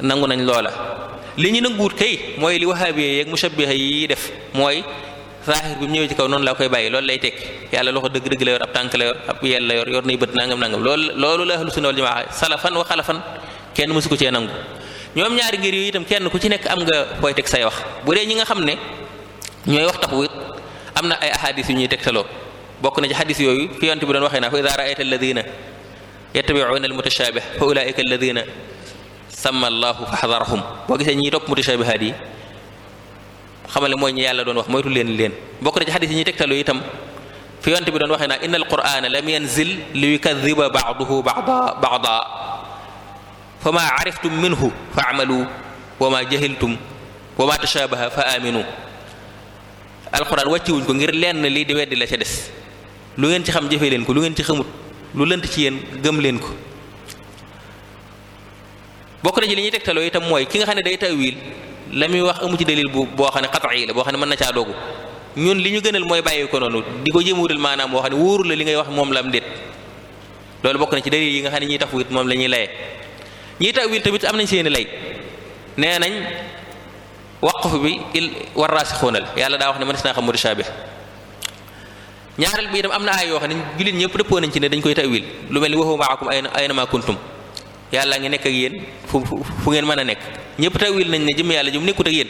[SPEAKER 2] nangu nañ loola li ñu nanguwut kay mooy li wahaabi yeeg mushabbiha yi def mooy zaahir bi mu ñëwee ci kaw noonu laa koy bàyyi loolu lay tekki yàlla loo loxo dëgg-dëgg la yor ab tànk la yor ab yel la yor yor nay bët nangam nangam loolu loolu la ahlu sunna wal jamaa salafan wa xalafan kenn ko cee nangu ñoom ñaari ngir yooyu itam kenn ku ci nekk am nga koy teg say wax bu dee ñi nga xam ne ñooy wax taxawit am na ay ahadis yu ñuy tegtaloo bokk na ci hadis yooyu fi yonent bi doon waxee naa fa ida raayta alladina yattabiuuna almutashabih fa ulaika alladina samma allahu faxdarahum boo gisee ñi topp mutashabihaat yi xamale mooy ñi yàlla doon wax moytu leen leen bokk na ci hadis yi ñuy tegtaloo itam fi yonent bi doon waxee naa inna alqurana lam yanzil li yukadiba baaduhu baada fa maa ariftum minhu fa amalu wa maa jahiltum wa maa tashabaha fa aminu alxuraan wàcciwuñ ko ngir lenn lii di weddi la ca des lu ngeen ci xam jëfe leen ko lu ngeen ci xamut lu lënt ci yéen gëm leen ko bokk na ci li ñuy tegtaloo itam mooy ki nga xam ne day tawil la muy wax amu ci dalil boo xam ne qat'i la boo xam ne mën na caa ñun li ñu gënal mooy bàyyi ko noonu di ko jëmuutal maanaam boo xam ne wóoru la li ngay wax moom la am déet loolu bokk na ci dalil yi nga xam ne ñuy taxawit moom la ñuy laye ñiy tawil tamit am nañ seeni lay nee nañ waqf bi il war raasixuuna yàlla daa wax ne mënees naa xam mutashaabih ñaareel bi itam am na ay yoo xam ne jullit ñëpp dëppoo nañ ci ne dañ koy tawil lu mel ni wa huwa ma'akum ayna ma kuntum yàlla ngi nekk ak yéen fu fu ngeen mën a nekk ñëpp tawil nañ ne jëm yàlla jëm nekkut ak yéen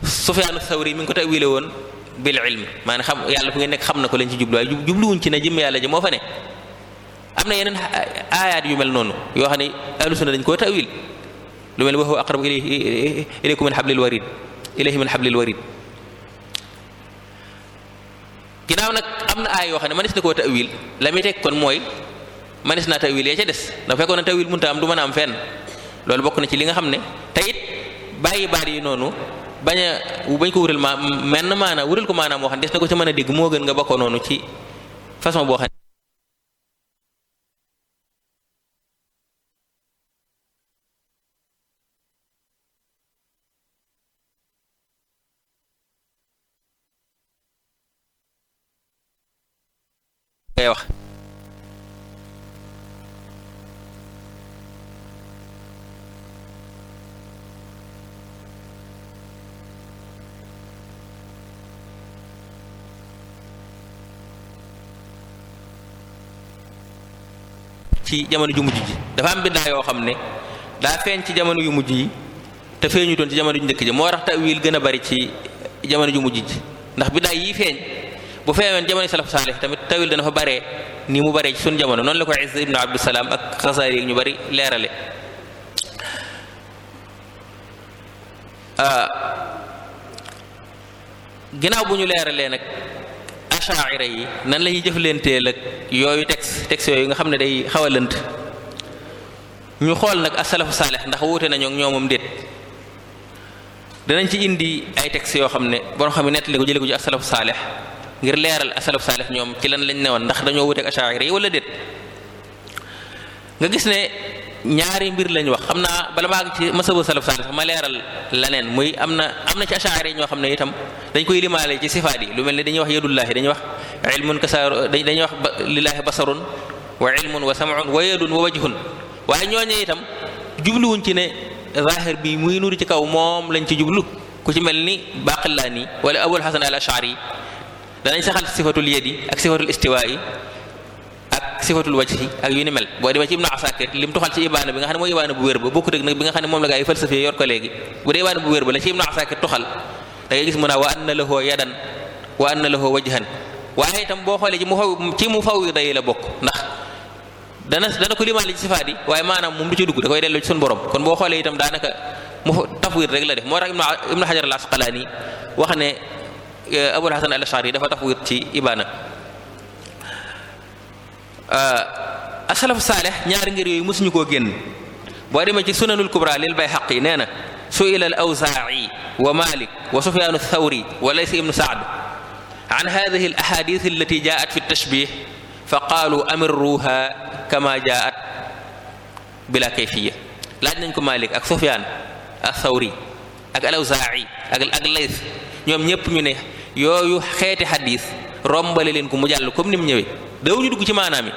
[SPEAKER 2] Sufyaan Sawri mi ngi ko tawile woon bil ilm maanaam xam yàlla fu ngeen nekk xam na ko lañ ci jublu waaye jubluwuñ ci ne j yàlla jëm moo fa ne am na yeneen aayaat yu mel noonu yoo xam ne ahlu sunna dañ koo tawil lu mel wa huwa aqrabu ilayhi ilaykum min hablil warid ilayhi min hablil warid ginnaaw nag am na aay yoo xam ne des na koo tawil la muy teg kon mooy manis naa tawil yee ca des ndax fekkoon na tawil mënta am du mën a am fenn loolu bokk na ci li nga xam ne te it bàyyi baat yi noonu bañ a bañ ko wutal ma menn maanaam wutal ko maanaam moo xam ne des na ko ci mën a dégg moo gën nga bokkoo noonu ci façon boo xam Evo. ci jamono ju mujj ji dafa am biddaa yoo xam ne daa feeñ ci jamono yu mujj yi te feeñutoon ci jamono ju njëkk ji moo tax tawil gën a bari ci jamono ju mujj ji ndax biddaa yii feeñ bu feeween jamono salaf saalih tamit tawil dana fa baree nii mu baree ci suñu jamono noonu la ko Izz ibnu Abdusalaam ak xasaar yi ñu bari leerale ah, ginnaaw bu ñu leeralee nag achaira yi nan la ñuy jëflanteel ak yooyu texte texte yooyu nga xam ne day xaw a ñu xool nag asalafu saalih ndax wuute nañoo ak ñoomam déet danañ ci indi ay texte yoo xam ne boo xam ne nettali ko jëlee ko ci asalafu saalih ngir leeral asalaf saalif ñoom ci lan lañ newoon ndax dañoo wuteeg achaira yi wala déet nga gis ne ñaari mbir lañ wax xam naa bala maa ci masabu salaf saalif ma leeral leneen muy am na am na ci achaira yi ñoo xam ne itam dañ koy limaale ci sifaat yi lu mel ni dañuy wax yadullaahi dañuy wax ilmun kasaaru dañuy wax lillaahi basarun wa ilmun wa sam'un wa yadun wa wajhun waaye ñooñu itam jubluwuñ ci ne zaahir bi muy nuru ci kaw moom lañ ci jublu ku ci mel ni ni wala Abul Hasan al Ashari danañ saxal sifatul yadi ak sifatul istiwa yi ak sifatul wajhi ak yu ni mel boo demee ci ibnu asakir lim tuxal ci ibaana bi nga xam ne mooy ibaana bu wér ba bokkut ak nag bi moom la ko léegi bu dee da boo xoolee ci mu mu faw day la bokk ndax dana dana ko limaale ci sifaat yi waaye maanaam moom du ci dugg da koy delloo ci sun borom kon boo xoolee itam daanaka mu tafwir rek la def moo tax ibnu xajar al asqalaani wax ne Eh, abul hasan al ashari dafa tax wut ci ibaana eh, asalafu saaleh ñaari ngir yooyu mosuñu koo génn boo demee ci sunanul kubra lil bay xaq yi nee na suila al awzaa'i wa malik wa sufyaan thawri wa lays ibnu saad an hadihi al ahadith allati jaat fi tashbih fa qaalu amirruha kama jaat bila kayfiya laaj nañ ko malik ak sufyaan ak thawri ak al awzaa'i ak ak lays ñoom ñëpp ñu ne yooyu xeeti xaddiis rombale leen ko mu jàll comme ni mu ñëwee daw dugg ci maanaam yi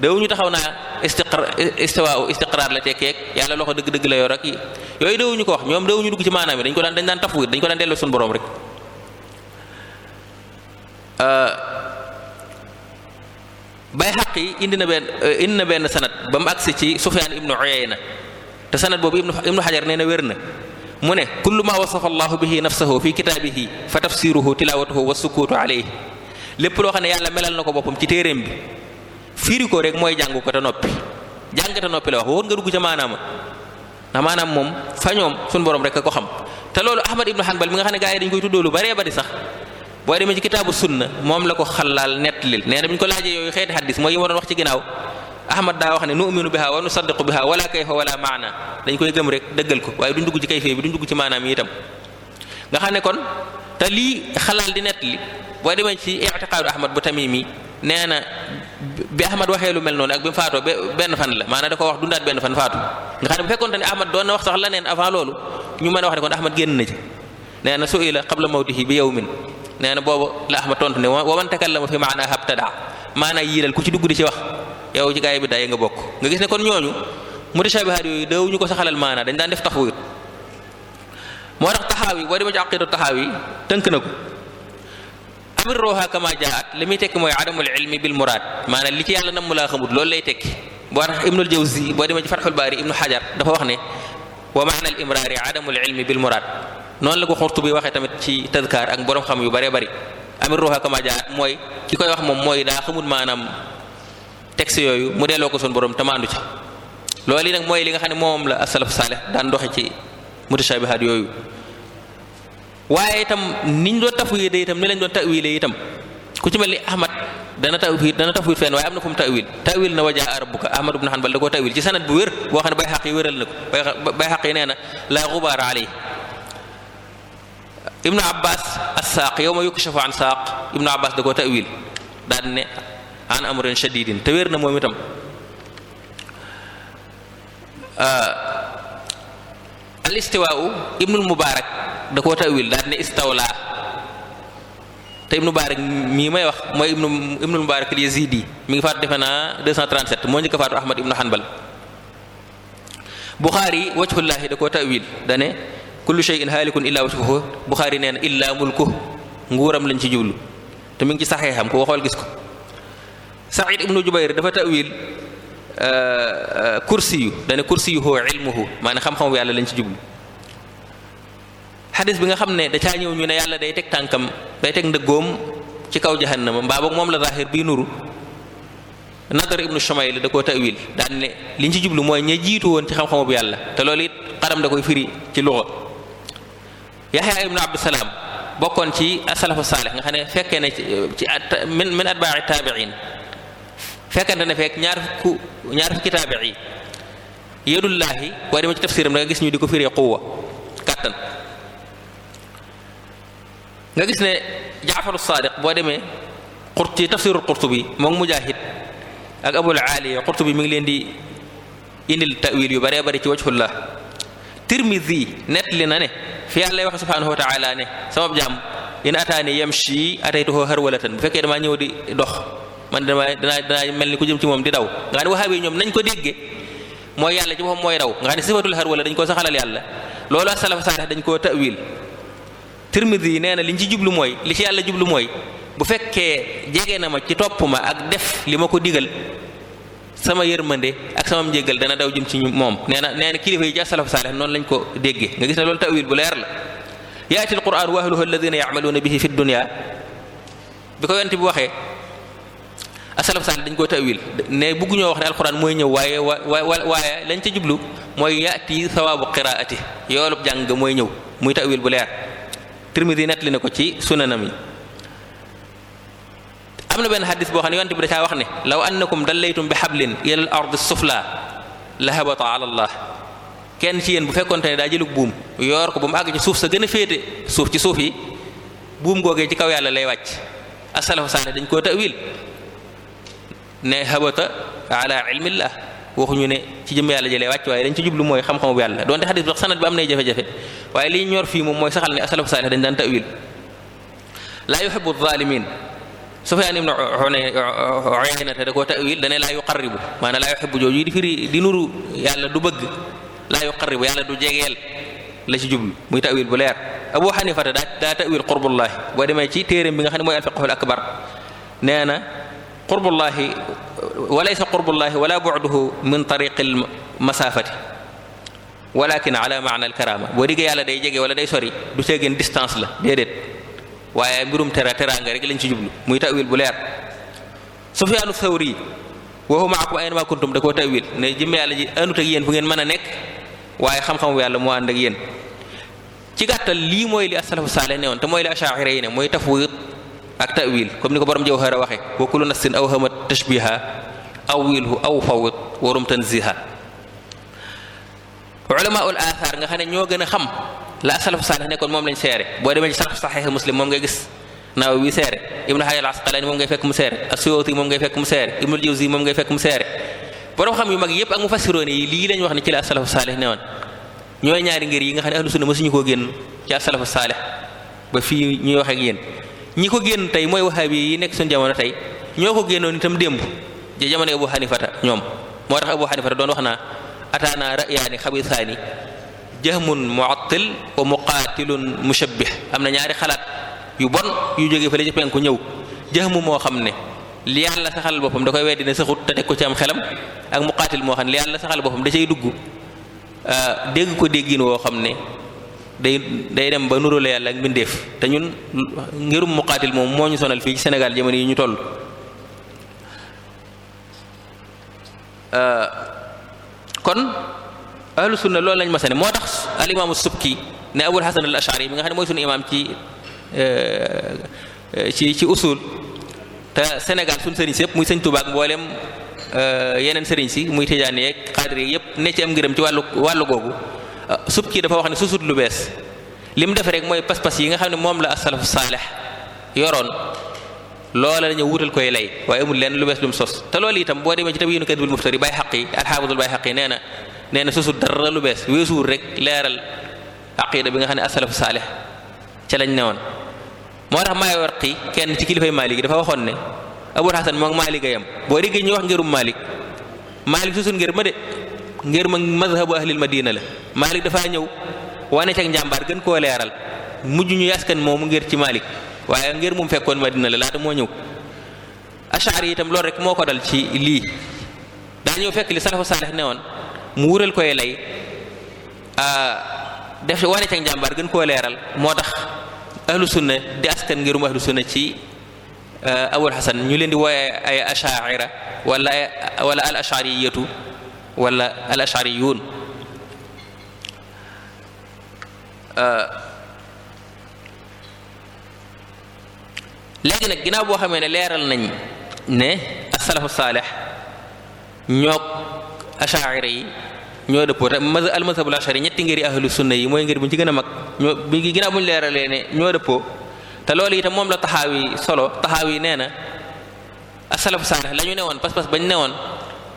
[SPEAKER 2] daw taxaw naa istiqra istiwaa istiqraar la tekkeeg yàlla loxo dëgg-dëgg la yoo rek yi yooyu daw ko wax ñoom daw ñu dugg ci maanaam yi dañ ko daan dañ daan tafwid dañ ko daan delloo suñu borom rek bay xaq yi indi na benn indi na benn sanat ba mu agsi ci Sufyaan ibnu Uyayna te sanat boobu ibnu ibnu Xajar nee na wér na mu ne kullu ma wasafa allahu bihi nafsahu fi kitaabihi fa tafsiruhu tilawatuhu wa sukuutu alayhi lépp loo xam ne yàlla melal na ko boppam ci téeréem bi fiiri ko rek mooy jàng ko te noppi jàng te noppi la wax woon nga dugg ca maanaama ndax maanaam moom fa ñoom sunu borom rek a ko xam te loolu Ahmad ibnu Hanbal mi nga xam ne gaa yi dañ koy tuddoo lu baree bari sax boo demee ci kitaabu sunna moom la ko xalaal nettalil nee na bi ñu ko laaj yooyu xeeti hadis mooy wax ci ginnaaw ahmad daa wax ne nu'minu biha wa nusaddiqu biha wala kayfa wala maana dañ koy gëm rek dëggal ko waaye duñ dugg ci kayfee bi duñ dugg ci maanaam yi itam nga xam ne kon te lii xalaal di nett li boo demee ci i'tiqaadu ahmad bu tamimi nee na bi ahmad waxee lu mel noonu ak bi mu faatoo benn fan la maanaam da ko wax dundaat benn fan faatu nga xam ne bu fekkonte ne ahmad doon wax sax leneen avant loolu ñu ma a wax ne kon ahmad génn na ci nee na su'ila qabla mawtihi bi yawmin nee na boobu la ahmad tontu ne wa man takallama fi maanaa habtadaa maanaa di ci wax yow ci gaay bi daye nga bokk nga gis ne kon ñooñu mutashabihaat yooyu daw ñu ko saxalal maanaa dañ daan def taxawit moo tax taxaawi boo demee ci aqiidu taxaawi tënk na ko amirruha kama jaat li muy tekki mooy adamul ilmi bil muraad maanaam li ci yàlla nam mu laa xamut loolu lay tekki boo tax ibnul jawzi boo demee ci farxul baari ibnu xajar dafa wax ne wa maana al imraari adamul ilmi bil muraad noonu la ko xurtubi waxee tamit ci tadkaar ak borom xam yu bëree bëri amirruha kama jaat mooy texte yooyu mu delloo ko suñu borom te ca loolu yi nag mooy li nga xam ne moom la asalaf saaleh daan doxe ci mutashabihaat yooyu waaye itam niñ doon tafwide itam ni lañ doon tawile itam ku ci mel ni ahmad dana tawil dana tafwid fenn waaye am na fu mu tawil tawil na wajaa rabbuka ahmad ibn hanbal da koo tawil ci sanad bu wër boo xam ne bay xaq yi wéral na ko bay xaq yi nee na laa xubaar aley ibnu abbas as saaq yow ma yukk shafu an saaq da koo tawil an amrin shadidin te wér na moom itam ah, al istiwaau ibnul mubaarak da koo tawil daal ne istawla te ibnu mubaarak mii may wax mooy ibnu ibnul mubaarak al yazidi mi ngi faatu defe naa 237 moo njëkk a faatu ahmad ibnu hanbal buxaari wajhullahi da koo tawil da ne kullu shay'in haalikun illaa wajhuhu buxaari nee na illaa ko nguuram lañ ci jublu te mu ngi ci saxeexam ko waxool gis ko Saïd ibnu Jubayr dafa tawil euh, euh, kursi yu dane kursi yu hoo ilmuhu maanaam xam-xamu yàlla lañ ci jublu xadis bi nga xam ne da caa ñëw ñu ne yàlla day teg tànkam day teg ndëggoom ci kaw jahannama mbaa moom la zahir bi nuru nadar ibnu Shumayl da koo tawil daan ne liñ ci jublu mooy ña jiitu woon ci xam-xamu yàlla te loolu it xaram da koy firi ci luxa Yaxya ibnu Abdusalaam bokkoon ci asalafu saalih nga xam ne fekke ne ci at min atbaa'i taabiin fekkante ne fekk ñaar fukku ñaar fukki taabi'i yadullaahi boo ci tafsiram nga gis ñu di ko firee quwwa kàttan nga gis ne jaafaru saadiq boo demee qurti tafsirul bi moom mujaahid ak abul aaliya bi mu ngi leen di indil tawil yu baree bari ci wajhullah tirmidi nettali na ne fi yàlla lay wax subhanahu wa taala ne sama jaam in ataani yamshi ataytuhu harwalatan bu fekkee damaa ñëw di dox man damaay danaa danaa mel ni ku jëm ci moom di daw nga xam ne waxaabi ñoom nañ ko déggee mooy yàlla ci boppam mooy daw nga xam ne sifatul dañ koo saxalal yàlla loolu asalafa saalex dañ na liñ ci jublu mooy li ci yàlla jublu mooy bu fekkee jege na ma ci topp ma ak def li ma ko digal sama yërmande ak sama njéggal dana daw jëm ci moom nee na nee na kilifa yi ci asalafu saalex noonu lañ ko déggee nga gis ne loolu tawil bu leer la yaati alquran wa ahluhu alladina yacmaluuna bihi fi dunya bi ko yonent bi waxee asalaf saalih dañ koy tawil ne bëgg ñoo wax ne alquran mooy ñëw waaye wa waaye lañ ca jublu mooy yaati sawaabu qiraati yoolub jàng mooy ñëw muy tawil bu leer Tirmidi nettali na ko ci sunanam yi am na benn xadis boo xam ne yonte bi da caa wax ne law annakum dallaytum bi xablin ila al ardi sufla la habata ala allah kenn ci yéen bu fekkonte ne daa jëlug buum yor ko bu mu àgg ci suuf sa gën a féete suuf ci suuf yi buum googee ci kaw yàlla lay wàcc asalafu saalih dañ koo tawil ne habata ala ilmillah waxuñu ne ci jëm yàlla jëlee wàcc waaye dañ ci jublu mooy xam-xamu yàlla donte xadis bi sax sanad bi am nay jafe-jafe waaye liy ñor fii moom mooy saxal ne asalafu saalih dañ daan tawil laa yuhibbu zalimin Sufyaan ibn Uyayna da koo tawil dane laa yuqarribu maanaam laa yuhibbu jooju di firi di nuru yàlla du bëgg laa yuqarribu yàlla du jegeel la ci jublu muy tawil bu leer Abu Xanifata daa daa tawil qurbullahi boo demee ci téeréem bi nga xam ne mooy alfiqhul akbar nee qurbullahi walaysa qurbullahi wala bu'duhu min tariqil masafati walakin ala maana alkarama boo diggee yàlla day jege wala day sori du seegeen distance la déedéet waaye mbirum tera teraanga rek lañ ci jublu muy tawil bu leer sufyaanu thawri wa huwa ma'akum ayna ma kuntum da koo tawil ne jëmm yàlla ji anut ak fu ngeen mën a nekk waaye xam-xamu yàlla moo ànd ak yéen ci gàttal lii mooy li asalafu saale ne woon te mooy li ashaira yi ne mooy tafwid ak ta'wil comme ni ko borom jawhara waxe wa kullu nafsin awhamat tashbiha awwilhu aw fawwid warum tanziha ulama ul athar nga xam ne ñoo gën a xam la salafu saalih kon moom lañ seere boo demee ci sarx saxiix muslim moom ngay gis Nawawi seere ibnu Hajar al-Asqalani moom ngay fekk mu seere as-Suyuti moom ngay fekk mu seere ibnu Jawzi moom ngay fekk mu seere borom xam yu mag yëpp ak mu fassiroon yi lii lañ wax ne ci la salafu saalih newoon ñooy ñaari ngir yi nga xam ne ahlu sunna mësuñu koo génn ci salafu saalih ba fii ñuy wax ak yéen ñi ko génn tey mooy wahabi yi nekk suñu jamono tey ñoo ko génnoon itam démb ja jamono abu xanifata ñoom moo tax abu xanifata doon wax naa ataana rayaani xabisaani jahmun muattil wa muqaatilun mushabbih am na ñaari xalaat yu bon yu jógee fële ci penku ñëw jahmu moo xam ne li yàlla saxal boppam da koy weddi ne saxut te teg ko ci am xelam ak muqaatil moo xam ne la yàlla saxal boppam da cay dugg ah, dégg ko déggin woo xam ne day day dem ba nurule yàlla ak mbindeef te ñun ngirum muqaatil moom moo ñu sonal fii ci Sénégal jamono yi ñu toll euh, kon ahlu sunna loolu lañ masa ne moo tax al imaamu subki ne abul hasan al ashari mi nga xam ne mooy euh, ci ci te Sénégal suñ sëriñ muy sëñ Tuubaa mbooleem mboolem euh, yeneen sëriñ si muy tijaan yeeg xaadir yeeg yëpp ne ci am ngërëm ci wàllu wàllu googu Euh, sub kii dafa wax ne susut lu bees li def rek mooy pas-pas yi nga xam ne moom la asalafu saalex yoroon loola la ñu wutal koy lay waaye amul leen lu bees lu mu sos te loolu itam boo demee ci tam yéenu na nee na susut dara lu bees weesuwul rek leeral aqida bi nga xam ne asalafu saalex ca lañ newoon moo tax maay warqi kenn ci kilifay Maalik dafa waxoon ne Abul Hasan moom Maalik a boo déggee ñu wax ngirum Maalik Maalik susul ngir ma de ngir ma mazhabu ahlil madina la Malik dafa ñëw wane cag njàmbaar gën koo leeral mujj ñu askan moomu ngir ci Malik waaye ngir mu fekkoon madina la laata moo ñëw ashari itam loolu rek moo ko dal ci lii daa ñëw fekk li salafu saalix ne woon mu wural koy lay def wane cag njàmbaar gën koo leeral moo tax ahlu sunna di askan ngirum ahlu sunna ci abul xasan ñu leen di wooye ay ashaira wala wala al ashariyatu wala al ashariyun uh, léegi nag ginnaaw boo xamee ne leeral nañ ne asalafu saalix ñoog ashaira yi ñoo dëppoo te al mazhabul ashari ñetti ngiri ahlu sunna yi mooy ngir bu ñu ci gën mag ñoo bi ginnaaw bu leeralee ne ñoo dëppoo te loolu itam moom la taxaawi solo taxaawi nee na asalafu saalix la ñu newoon pas-pas ba ñu newoon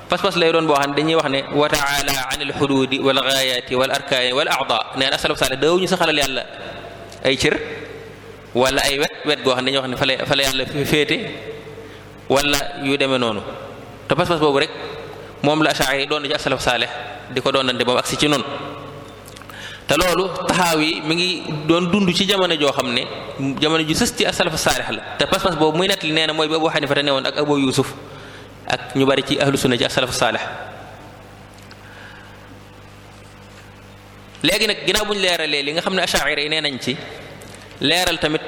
[SPEAKER 2] pas-pas lay doon boo xam ne dañuy wax ne wa taala an al xuduudi wal gaayaati wal arkaani wal aada nee na salaf saale daawuñu saxalal yàlla ay cër wala ay wet wet goo xam ne dañuy wax ne fa la fa la yàlla féete wala yu demee noonu te pas-pas boobu rek moom la achaari yi doon ci asalaf saale di ko doonante moom ak si ci noonu te loolu taxaaw yi mi ngi doon dund ci jamono joo xam ne jamono ju sës ci asalaf saalix la te pas-pas boobu muy nettali nee na mooy bi Abu Xanifa te newoon ak Abu Yuusuf ak ñu bari ci ahlu sunna ci ak salafu saalih léegi nag ginnaaw bu ñu leeralee li nga xam ne ashaira yi nee nañ ci leeral tamit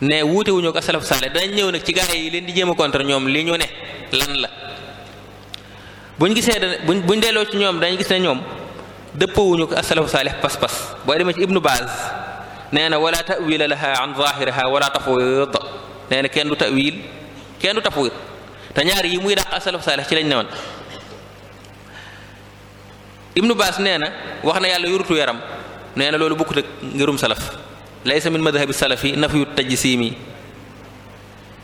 [SPEAKER 2] ne wuute wuñu ak salafu saalih ñëw nag ci gaa yi leen di jéem a contre ñoom li ñu ne lan la buñ gisee da buñ buñ delloo ci ñoom dañ gis ne ñoom dëppawuñu ko asalafu saalih pas-pas boo demee ci ibnu baaz nee na wala tawila laha an zahiriha wala tafwid nee na kenn du tawil kenn du tafwid te ñaar yi muy dàq salaf saalix ci lañ newoon ibnu baas nee na wax na yàlla yurutu yaram nee na loolu bukkut ak ngirum salaf laysa min madhabi salafi nafyu tajsimi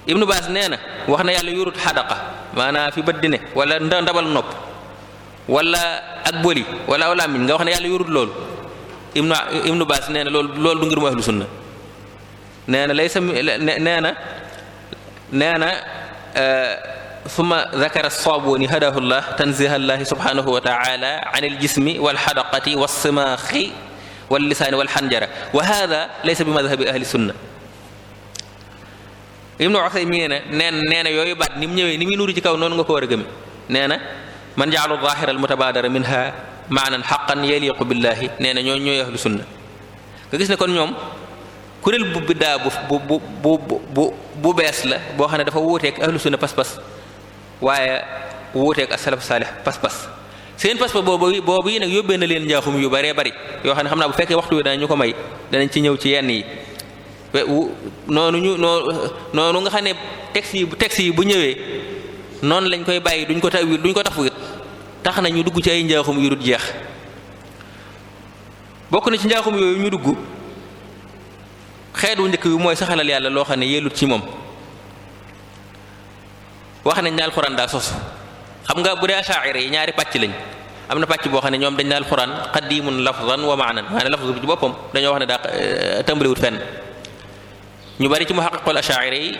[SPEAKER 2] ibnu baas nee na wax na yàlla yurut xadaqa maanaam fi bët di ne wala ndabal nopp wala ak bëli wala làmmiñ nga wax ne yàlla yurut loolu ibnu ibnu baas nee na loolu loolu du ngirum ahlu sunna nee na summa zakara saabuni hadahu llah tanziha llahi subhanahu wa taala an aljismi walxadaqati walsimaaxi wallisaani walxanjara wa hada laysa bi madhabi ahli sunna ibnu usaymin nee na nee na yooyu baat ni mu ñëwee ni muy nuuru ci kaw noonu nga ko war a gëme nee na man jaalu zaahira almutabaadara minha maanan xaqan yaliqu billahi nee na ñoo ñooy ahlu sunna nga gis ne kon ñoom kuréel bu biddaa bu bu bu bu bu bees la boo xam ne dafa wuuteeg ahlu sunna pas-pas waaye wuuteeg asalaf saalih pas-pas seen pas-pas boobu boobu yi nag yóbbee na leen njaaxum yu baree bari yoo xam ne xam naa bu fekkee waxtu wi danañ ñu ko may danañ ci ñëw ci yenn yi noonu ñu noonu nga xam ne texte yi texte yi bu ñëwee noonu lañ koy bàyyi duñ ko tawil duñ ko tafwid tax na ñu dugg ci ay njaaxum yu dul jeex bokk na ci njaaxum yooyu ñu dugg. xeetu wu njëkk bi mooy saxalal yàlla loo xam ne yellut ci moom wax nañ ne alxuraan daa sos xam nga bu dee achaira yi ñaari pàcc lañ am na pàcc boo xam ne ñoom dañ ne alxuraan qadimun lafzan wa maanan maanaam lafzu bi ci boppam dañoo wax ne daa euh, tàmbaliwut fenn ñu bari ci mu xaqiqul achaira yi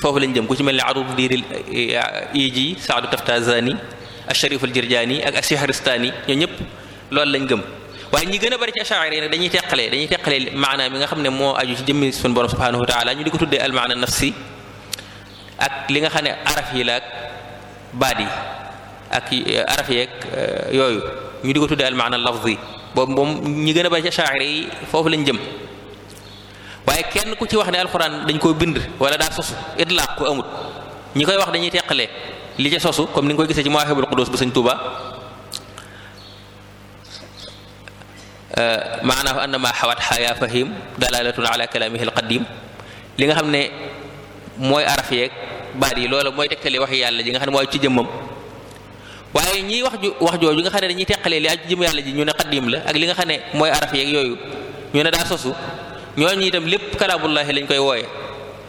[SPEAKER 2] foofu lañ jëm ku ci mel ni ne arudu diiril euh, iji saadu taftazani asharif al jirjani ak ashahristani ñoo ñëpp loolu lañ gëm waaye ñi gën a bari ci achaari yi dañuy teqale dañuy teqale maana mi nga xam ne moo aju ci jëmmi suñu borom subhanahu wa taala ñu di ko tuddee al nafsi ak li nga xam ne araf yi la ak baat yi ak eh, araf yeeg eh, yooyu ñu di ko tuddee al maana lafzi boobu moom ñi gën a bari ci achaari yi foofu lañ jëm waaye kenn ku ci wax ne alxuraan dañ koo bind wala daa sosu itlaaq ko amut ñi koy wax dañuy teqale li ca sosu comme ni nga koy gisee ci mawaahibul qudus bu sëñ Tuuba maanaahu annama xawaat xaya fahim dalalatun ala kalamihi alqadim li nga xam ne mooy araf yeeg baat yi loola mooy tegtale wax yàlla ji nga xam ne mooy ci jëmmam waaye ñiy wax ju wax jooju nga xam ne dañuy teqalee li jëm yàlla ji ñu ne xaddiim la ak li nga xam ne mooy araf yeeg yooyu ñu ne daa sosu ñooñu itam lépp kalaamullahi lañ koy wooye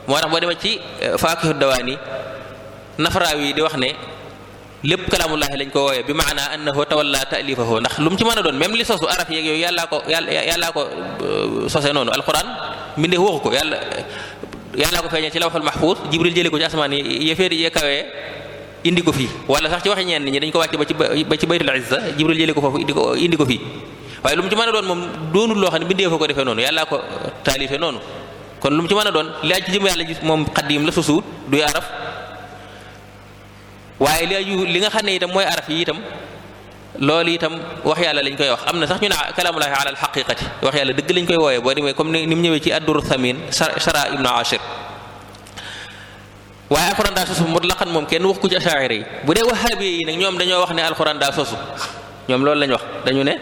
[SPEAKER 2] moo tax boo demee ci eh, faakihu dawaani nafraawi di wax ne lépp kalaamullahi lañ ko wooyee bi maana annahu tawalla taalifahu ndax lu mu ci mën a doon même li sosu araf yeeg yooyu yàllaa ko ko euh, sose noonu alquran mbindeef waxu ko yàlla yàllaa ko feeñee ci lawxul mahfuus jibril jëlee ko ci asmaan yi yeféer yee kawee ko fii wala sax ci waxe ñeen ñi dañ ko wàcce ba ci ba ci baytul izza jibril jëlee ko foofu indi ko indi ko fii waaye lu mu ci mën a doon moom doonul loo xam ne mbindeef ko defee noonu yàllaa ko taalife noonu kon lu mu ci mën a doon li aj ci jëm yàlla moom xaddiim la sosuwut du araf waaye li aju li nga xam ne itam mooy araf yi itam loolu itam wax yàlla lañ koy wax am na sax ñu ne kalaamulaahi ala alxaqiqati wax yàlla dëgg lañ koy wooye boo demee comme ni mu ñëwee ci adduru thamin shara ibnu ashir waaye alxuraan daa sosu mutlaqan moom kenn wax ku ci ashaari yi bu dee wahaabi yi nag ñoom dañoo wax ne alxuraan daa sosu ñoom loolu lañ wax dañu ne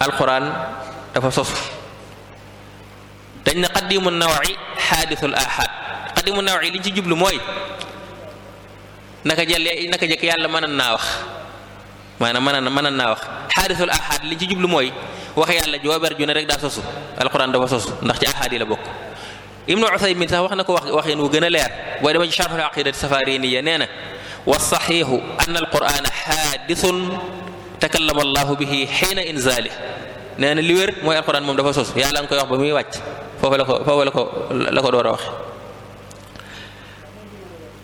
[SPEAKER 2] alxuraan dafa sosu dañ ne qadimu nawaci xaadisul ahad qadimu nawaci liñ ci mooy naka jëlee naka jëkk yàlla mënan naa wax maanaam mënan mënan naa wax xaadisul ahad li ci jublu mooy wax yàlla joober ju ne rek daa sosu alquran dafa sosu ndax ci ahad yi la bokk ibnu uthaymin sax wax na ko wax waxin wu gën a leer boo demee ci charxul aqidati safariniya nee na والصحيح أن القرآن حادث تكلم الله به حين إنزاله nee na li wér mooy alquran moom dafa sos yàlla nga koy wax ba muy wàcc foofu la ko foofu la ko la ko door wax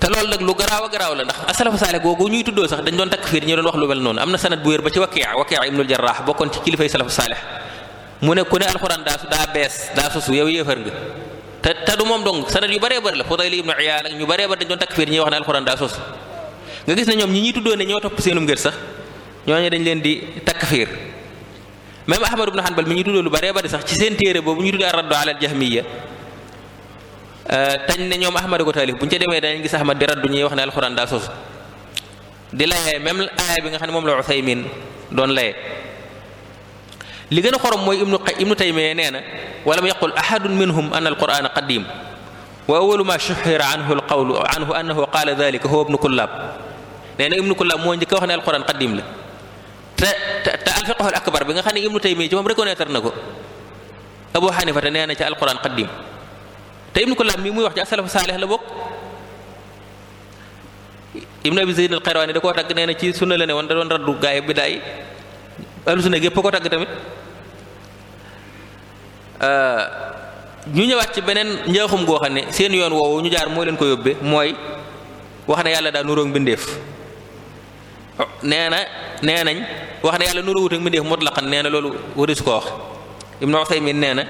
[SPEAKER 2] te loolu nag lu garaaw a garaaw la ndax asalafu saale googu ñuy tuddoo sax dañ doon takk fiir ñu doon wax lu mel noonu am na sanat bu wér ba ci wakii wakii ibnul jarraax bokkoon ci kilifay salafu saale mu ne ku ne alxuraan daa bees daa sosu yow yéefar nga te te du moom dong sanat yu bare bëri la Fudayl ibnu Iyaad ak ñu bëree bëri dañ doon takk fiir ñuy wax ne alxuraan daa sosu nga gis ne ñoom ñi ñuy tuddoo ne ñoo topp seenum ngir sax dañ leen di takk fiir même Ahmad ibnu Hanbal mi ñuy tuddoo lu bëree bëri sax ci seen téere boobu ñuy Euh, tañ ne ñoom ahmada ko taalif bu ñu ca demee dañu gis ahmad di raddu ñuy wax ne alxuraan daa di layee même bi nga xam ne moom la Usaymin doon layee li gën a xorom mooy ibnu ibnu taymiya nee na walam yaqul ahadun minhum anna alqur'ana qadim wa awalu ma shuhira anhu alqawlu anhu annahu qaala moo njëkk a wax ne alqur'an qadim la te te alfiqhu al akbar bi nga xam ne ibnu taymiya ci moom reconnaître ko abu xanifa te nee na ca alqur'an qadim te ibnu kullaab mii muy wax ci asalafu saalih la bokk ibnu abi zayd al xayrawaani da koo tagg nee na ci sunna la ne woon da doon raddu gaay bi daay ahlu sunna gépp ko tagg tamit ñu ñëwaat ci beneen njaaxum goo xam ne seen yoon woowu ñu jaar mooy leen ko yóbbee mooy wax na yàlla daal nuroo mbindeef nee na nee nañ wax ne yàlla nuróowut ak mbindeef la nee na loolu su ko wax ibnu usaymin nee na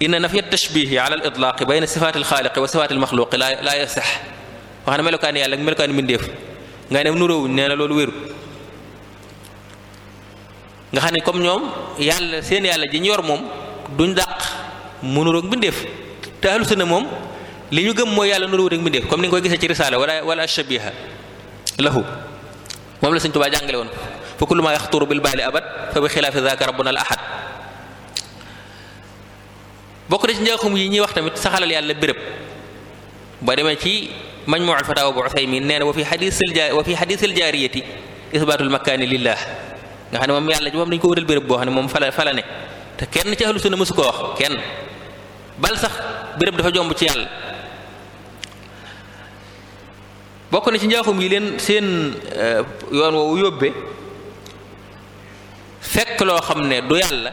[SPEAKER 2] inna nafiya tashbihi ala al itlaaqi bayna sifaati alxaaliqi wa sifaati almaxluqi laa laa yasax wax na melokaani yàlla ak melokaani mbindeef nga ne nuróowuñ nee na loolu wérut nga xam ne comme ñoom yàlla seen yàlla ji ñu yor moom duñ dàq mu nuróog mbindeef te ahlu sunna moom li ñu gëm mooy yàlla nuróowut ak mbindeef comme ni nga koy gisee ci risaala wala wala shabiha lahu moom la Sëñ Tuubaa jàngale woon fa kullu ma yaxturu bil baali abad fa bi xilaafi zaaka rabbuna al ahad bokk na ci njaaxum yi ñuy wax tamit saxalal yàlla bërëb ba demee ci mañ majmuul fataawa bu Usaymin nee na wa fi xadiisil ja wa fi xadiisil jaariyati isbaatul makkaani lillah nga xam ne moom yàlla ci moom dañ ko wëral béréb boo xam ne moom fala fala ne te kenn ci ahlu sunna mësu ko wax kenn bal sax béréb dafa jomb ci yàlla bokk na ci njaaxum yi leen seen euh, yoon woowu yóbbe fekk loo xam ne du yàlla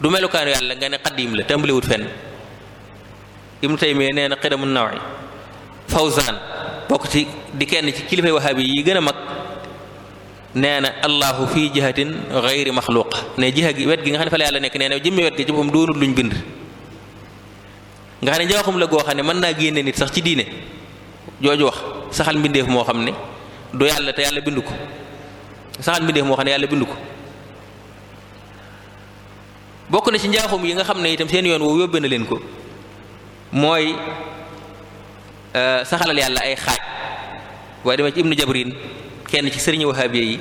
[SPEAKER 2] du melukaanu yàlla nga ne xadiim la tàmbaliwut fenn ibnu taymiya nee na xidamu nawi fawzan bokk ci di kenn ci kilifay wahabi yi gën a mag nee na allahu fii jihatin gayri maxluqa ne jiha gi wet gi nga xam ne fa la yàlla nekk nee na jëmme wet gi ci boppam doonul luñ bind nga xam ne njawaxum la goo xam ne mën naa génne nit sax ci diine jooju wax saxal mbindeef moo xam ne du yàlla te yàlla bind ko saxal mbindeef moo xam ne yàlla bind ko bokk na ci njaaxum yi nga xam ne tam seen yoon woowu yóbbe na leen ko mooy euh, saxalal yàlla ay xaaj waaye dama ci ibnu jabrin kenn ci sëriñu wahabiya yi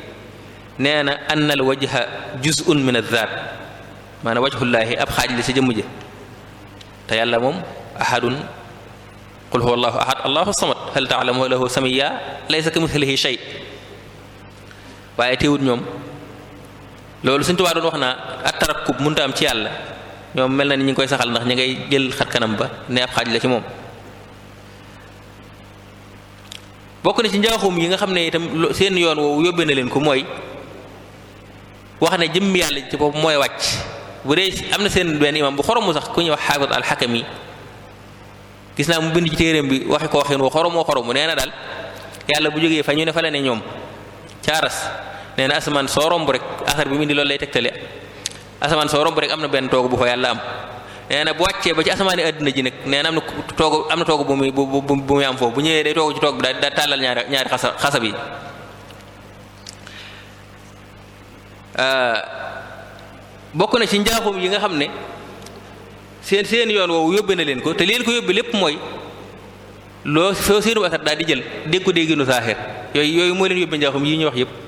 [SPEAKER 2] nee na annal wajha juz'un min man maanaam wajhullaahi ab xaaj la ci jëmm ja te yàlla moom ahadun qul huwa allahu ahad allahu samad hal taalamu lahu samiya laysa kamithlihi shay waaye teewut ñoom loolu suñ tubaa doon wax naa attarakkub mënuta am ci yàlla ñoom mel na ni ñu ngi koy saxal ndax ñu ngay jël xat kanam ba ne ab xaaj la ci moom bokk na ci njaaxum yi nga xam ne itam seen yoon woowu yóbbee na leen ko mooy wax ne jëmm yàlla ci bopp mooy wàcc bu dee am na seen benn imam bu xorom xoromu sax ku ñuy wax xaagot alxakam yi gis naa mu bind ci téeréem bi waxe ko waxin woo xoromoo mu nee na daal yàlla bu jógee fa ñu ne fa la ne ñoom caaras nee na asamaan soo romb rek axar bi mu indi loolu lay tegtale asamaan soo romb rek am na benn toogu bu fa yàlla am nee na bu wàccee ba ci asamaan yi àddina ji nag nee na am na toogu am na toogu bu muy bu bu muy am foofu bu ñëwee day toogu ci toog bi daa tàllal ñaari ñaari xasa bokk na ci njaaxum yi nga xam ne seen seen yoon woowu yóbbe na leen ko te leen ko yóbbe lépp mooy loo soo séenu asar daal di jël dégg ko dégginu saaxir yooyu yooyu moo leen yóbbe njaaxum yi ñuy wax yëpp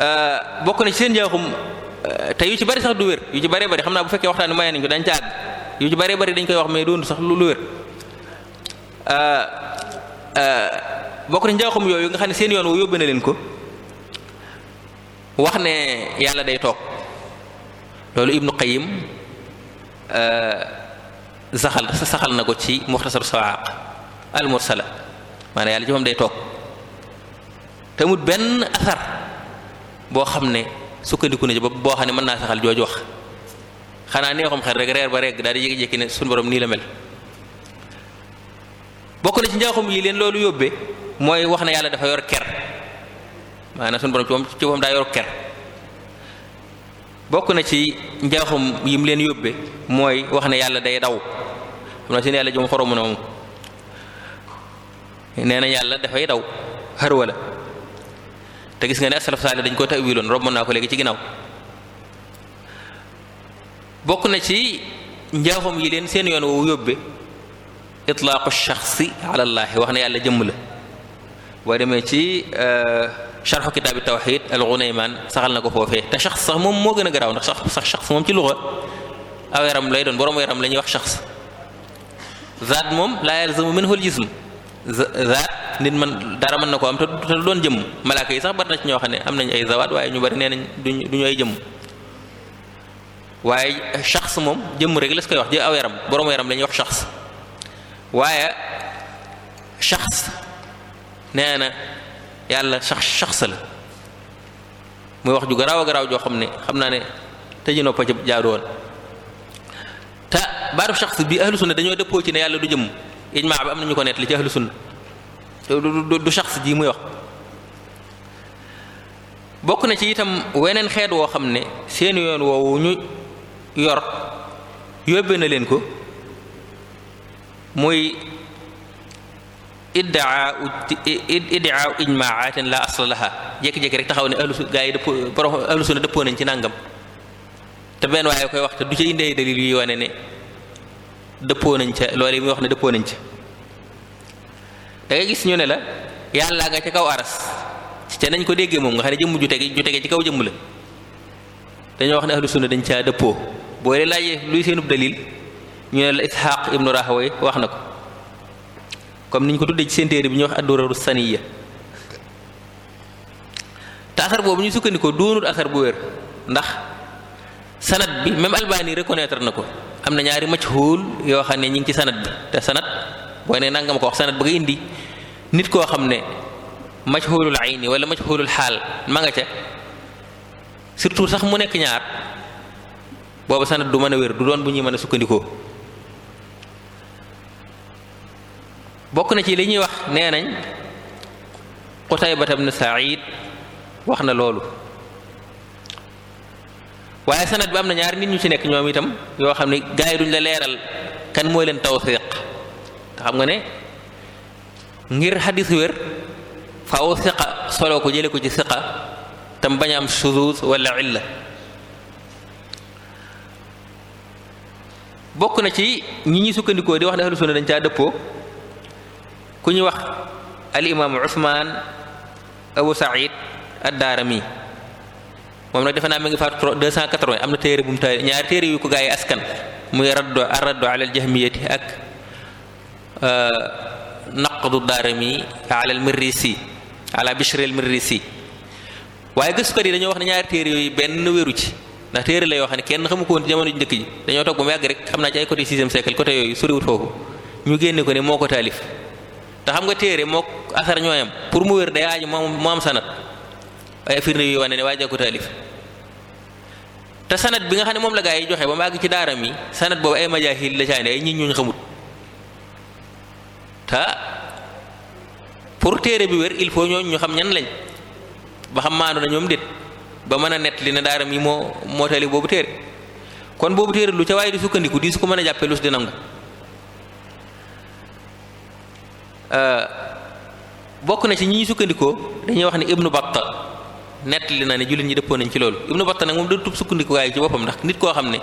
[SPEAKER 2] Euh, bokk na ci seen njaaxum euh, te yu ci bari sax du wér yu ci bari bari xam naa bu fekkee waxtaan maye nañ ko dañ ca yu ci bari bari dañ koy wax mais doon sax lu lu wér euh, bokk na ci njaaxum yooyu nga xam ne seen yoon wu yóbbu na leen ko wax ne yàlla day toog loolu ibnu Qayyim saxal saxal na ko ci muxtasaru sawaaq al mursala maanaam yàlla ci moom day toog te amul benn asar boo xam ne sukkandiku na ci bopp boo xam ne mën naa saxal jooju wax xanaa neexum xel rek reer ba rekk daal di jékki-jékki ne suñu borom nii la mel bokk na ci njaaxum lii leen loolu yóbbee mooy wax na yàlla dafa yor ker maanaam suñu borom ci moom ci yor ker bokk na ci njaaxum yim leen yóbbee mooy wax ne yàlla day daw xam na seen yàlla jom xoromu na moom nee na yàlla dafay daw xër wala te gis nga ne asalaf saalih dañ ko tawiloon romb naa ko léegi ci ginnaaw bokk na ci njaaxum yi leen seen yoon woowu yóbbe itlaaqu shaxsi ala wax na yàlla jëmm la boo demee ci charxu euh, kitaabi tawxid al gunaymaan saxal na ko foofee te shaxs sax moom moo gën a garaaw ndax sax sax shaxs moom ci luxa aw yaram lay doon borom yaram la ñuy wax shaxs zaat moom laa yalzamu minhu al zaat nit man dara mën na ko am te du doon jëmm malaake yi sax bari na ci ñoo xam ne am nañ ay zawaat waaye ñu bari nee nañ duñ du ñu ay jëmm waaye shaxs moom jëmm rek la su koy wax jë aw borom yaram la ñuy wax shaxs waaye shaxs nee na yàlla shaxs shaxs la wax ju garaaw a joo xam ne xam naa ne tëji noppa ci jaaru woon te baatu shaxs bi ahlu sunna dañoo dëppoo ci ne yàlla du jëmm ijmaa bi am nañu ko nett li ci ahlu sunna du shaxs ji muy wax bokk na ci itam weneen xeet woo xam ne seeni yoon woowu ñu yor yóbbe na leen ko muy iddaa iddaa ijmaatin la asla laha jékki-jékki rek taxaw ne ahlu su yi dëpp ahlu sunna dëppoo nañ ci nàngam te benn waaye koy wax te du ci indee dalil yuy wane ne dëppoo nañ ca loolu yi muy wax ne dëppoo nañ ca da ngay gis ñu ne la yàlla nga ca kaw aras ca nañ ko déggee moom nga xam ne jëmm ju tege ju tegee ci kaw jëmm la dañoo wax ne ahlu sunna dañ caa dëppoo boo dee laajee luy seenub dalil ñu ne la Ishaq ibnu Rahaway wax na ko comme niñ ko tuddee ci seen téere bi ñuy wax adduraru saniya te asar boobu ñu sukkandikoo doonul asar bu wér ndax sanad bi même Albani reconnaître na ko am na ñaari majhul yoo xam ne ñi ngi ci sanat bi te sanat boo ne nangam ko wax sanat ba nga indi nit koo xam ne majhulul ayni wala majhulul xaal ma nga ca surtout sax mu nekk ñaar boobu sanat du mën a wér du doon bu ñuy mën a sukkandikoo bokk na ci li ñuy wax nee nañ Qutaybata na Saïd wax na loolu waaye sanad bi am na ñaari nit ñu ci nekk ñoom itam yoo xam ne gars yi duñ la leeral kan mooy leen tawsiq te xam nga ne ngir xadis wér faaw siqa solo ko jële ko ci siqa tam bañ am shuzuz wala illa bokk na ci ñi ñuy sukkandikoo di wax ne ahlu sunna dañ caa dëppoo ku ñuy wax al imaamu Usmaan Abu Saïd ad-Daarami moom nag defe naa mi ngi faatu 280 am na téere bu mu taal ñaari téere yu ko gaa yi askan muy raddu araddu ala al jahmiyati ak euh, naqdu daarami ala al mirrisi ala bishri al mirrisi waaye gëstukat yi dañoo wax ne ñaari téere yooyu benn wéru ci ndax téere la wax xam ne kenn xamu ko woon ci jamono ju njëkk ji dañoo toog ba mu yàgg rek xam naa ci ay côté sixième siècle côté yooyu soriwut foofu ñu génne ko ne moo ko taalif te xam nga téere moo asar ñooyam pour mu wér day aaju mu am sanat waaye firnde yi wane ne waajee ko taalif te sanat bi nga xam ne moom la yi joxe ba mu àgg ci daara mi sanat boobu ay majaahil la caane ay nit ñuñ xamut te pour téere bi wér il faut ñooñu ñu xam ñan lañ ba xam maandu na ñoom déet ba mën a nett li na daara yi moo moo taalif boobu téere kon boobu téere lu ca waaye di sukkandiku di su ko mën a jàppee lus di nangu euh, bokk na ci ñi ñu sukkandikoo dañuy wax ne ibnu Batta nettali na ne jullit ñi dëppoo nañ ci loolu ibnu batta nag moom da tub sukkandikuwaay ci boppam ndax nit koo xam ne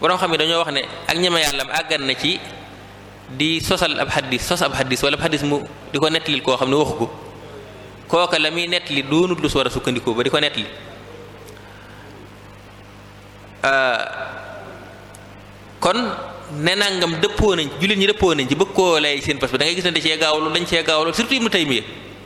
[SPEAKER 2] borom xam ne dañoo wax ne ak ñeme yàlla àggan na ci di sosal ab xaddis sos ab xaddis wala ab xaddis mu di ko nettalil koo xam ne waxu ko kooka la muy nettali doonut lu su war a sukkandikoo ba di ko nettali euh, kon ne nangam dëppoo nañ jullit ñi dëppoo nañ ci bëgg koo lay seen parce que gis ne da cee gaawlu dañ cee gaawlu surtout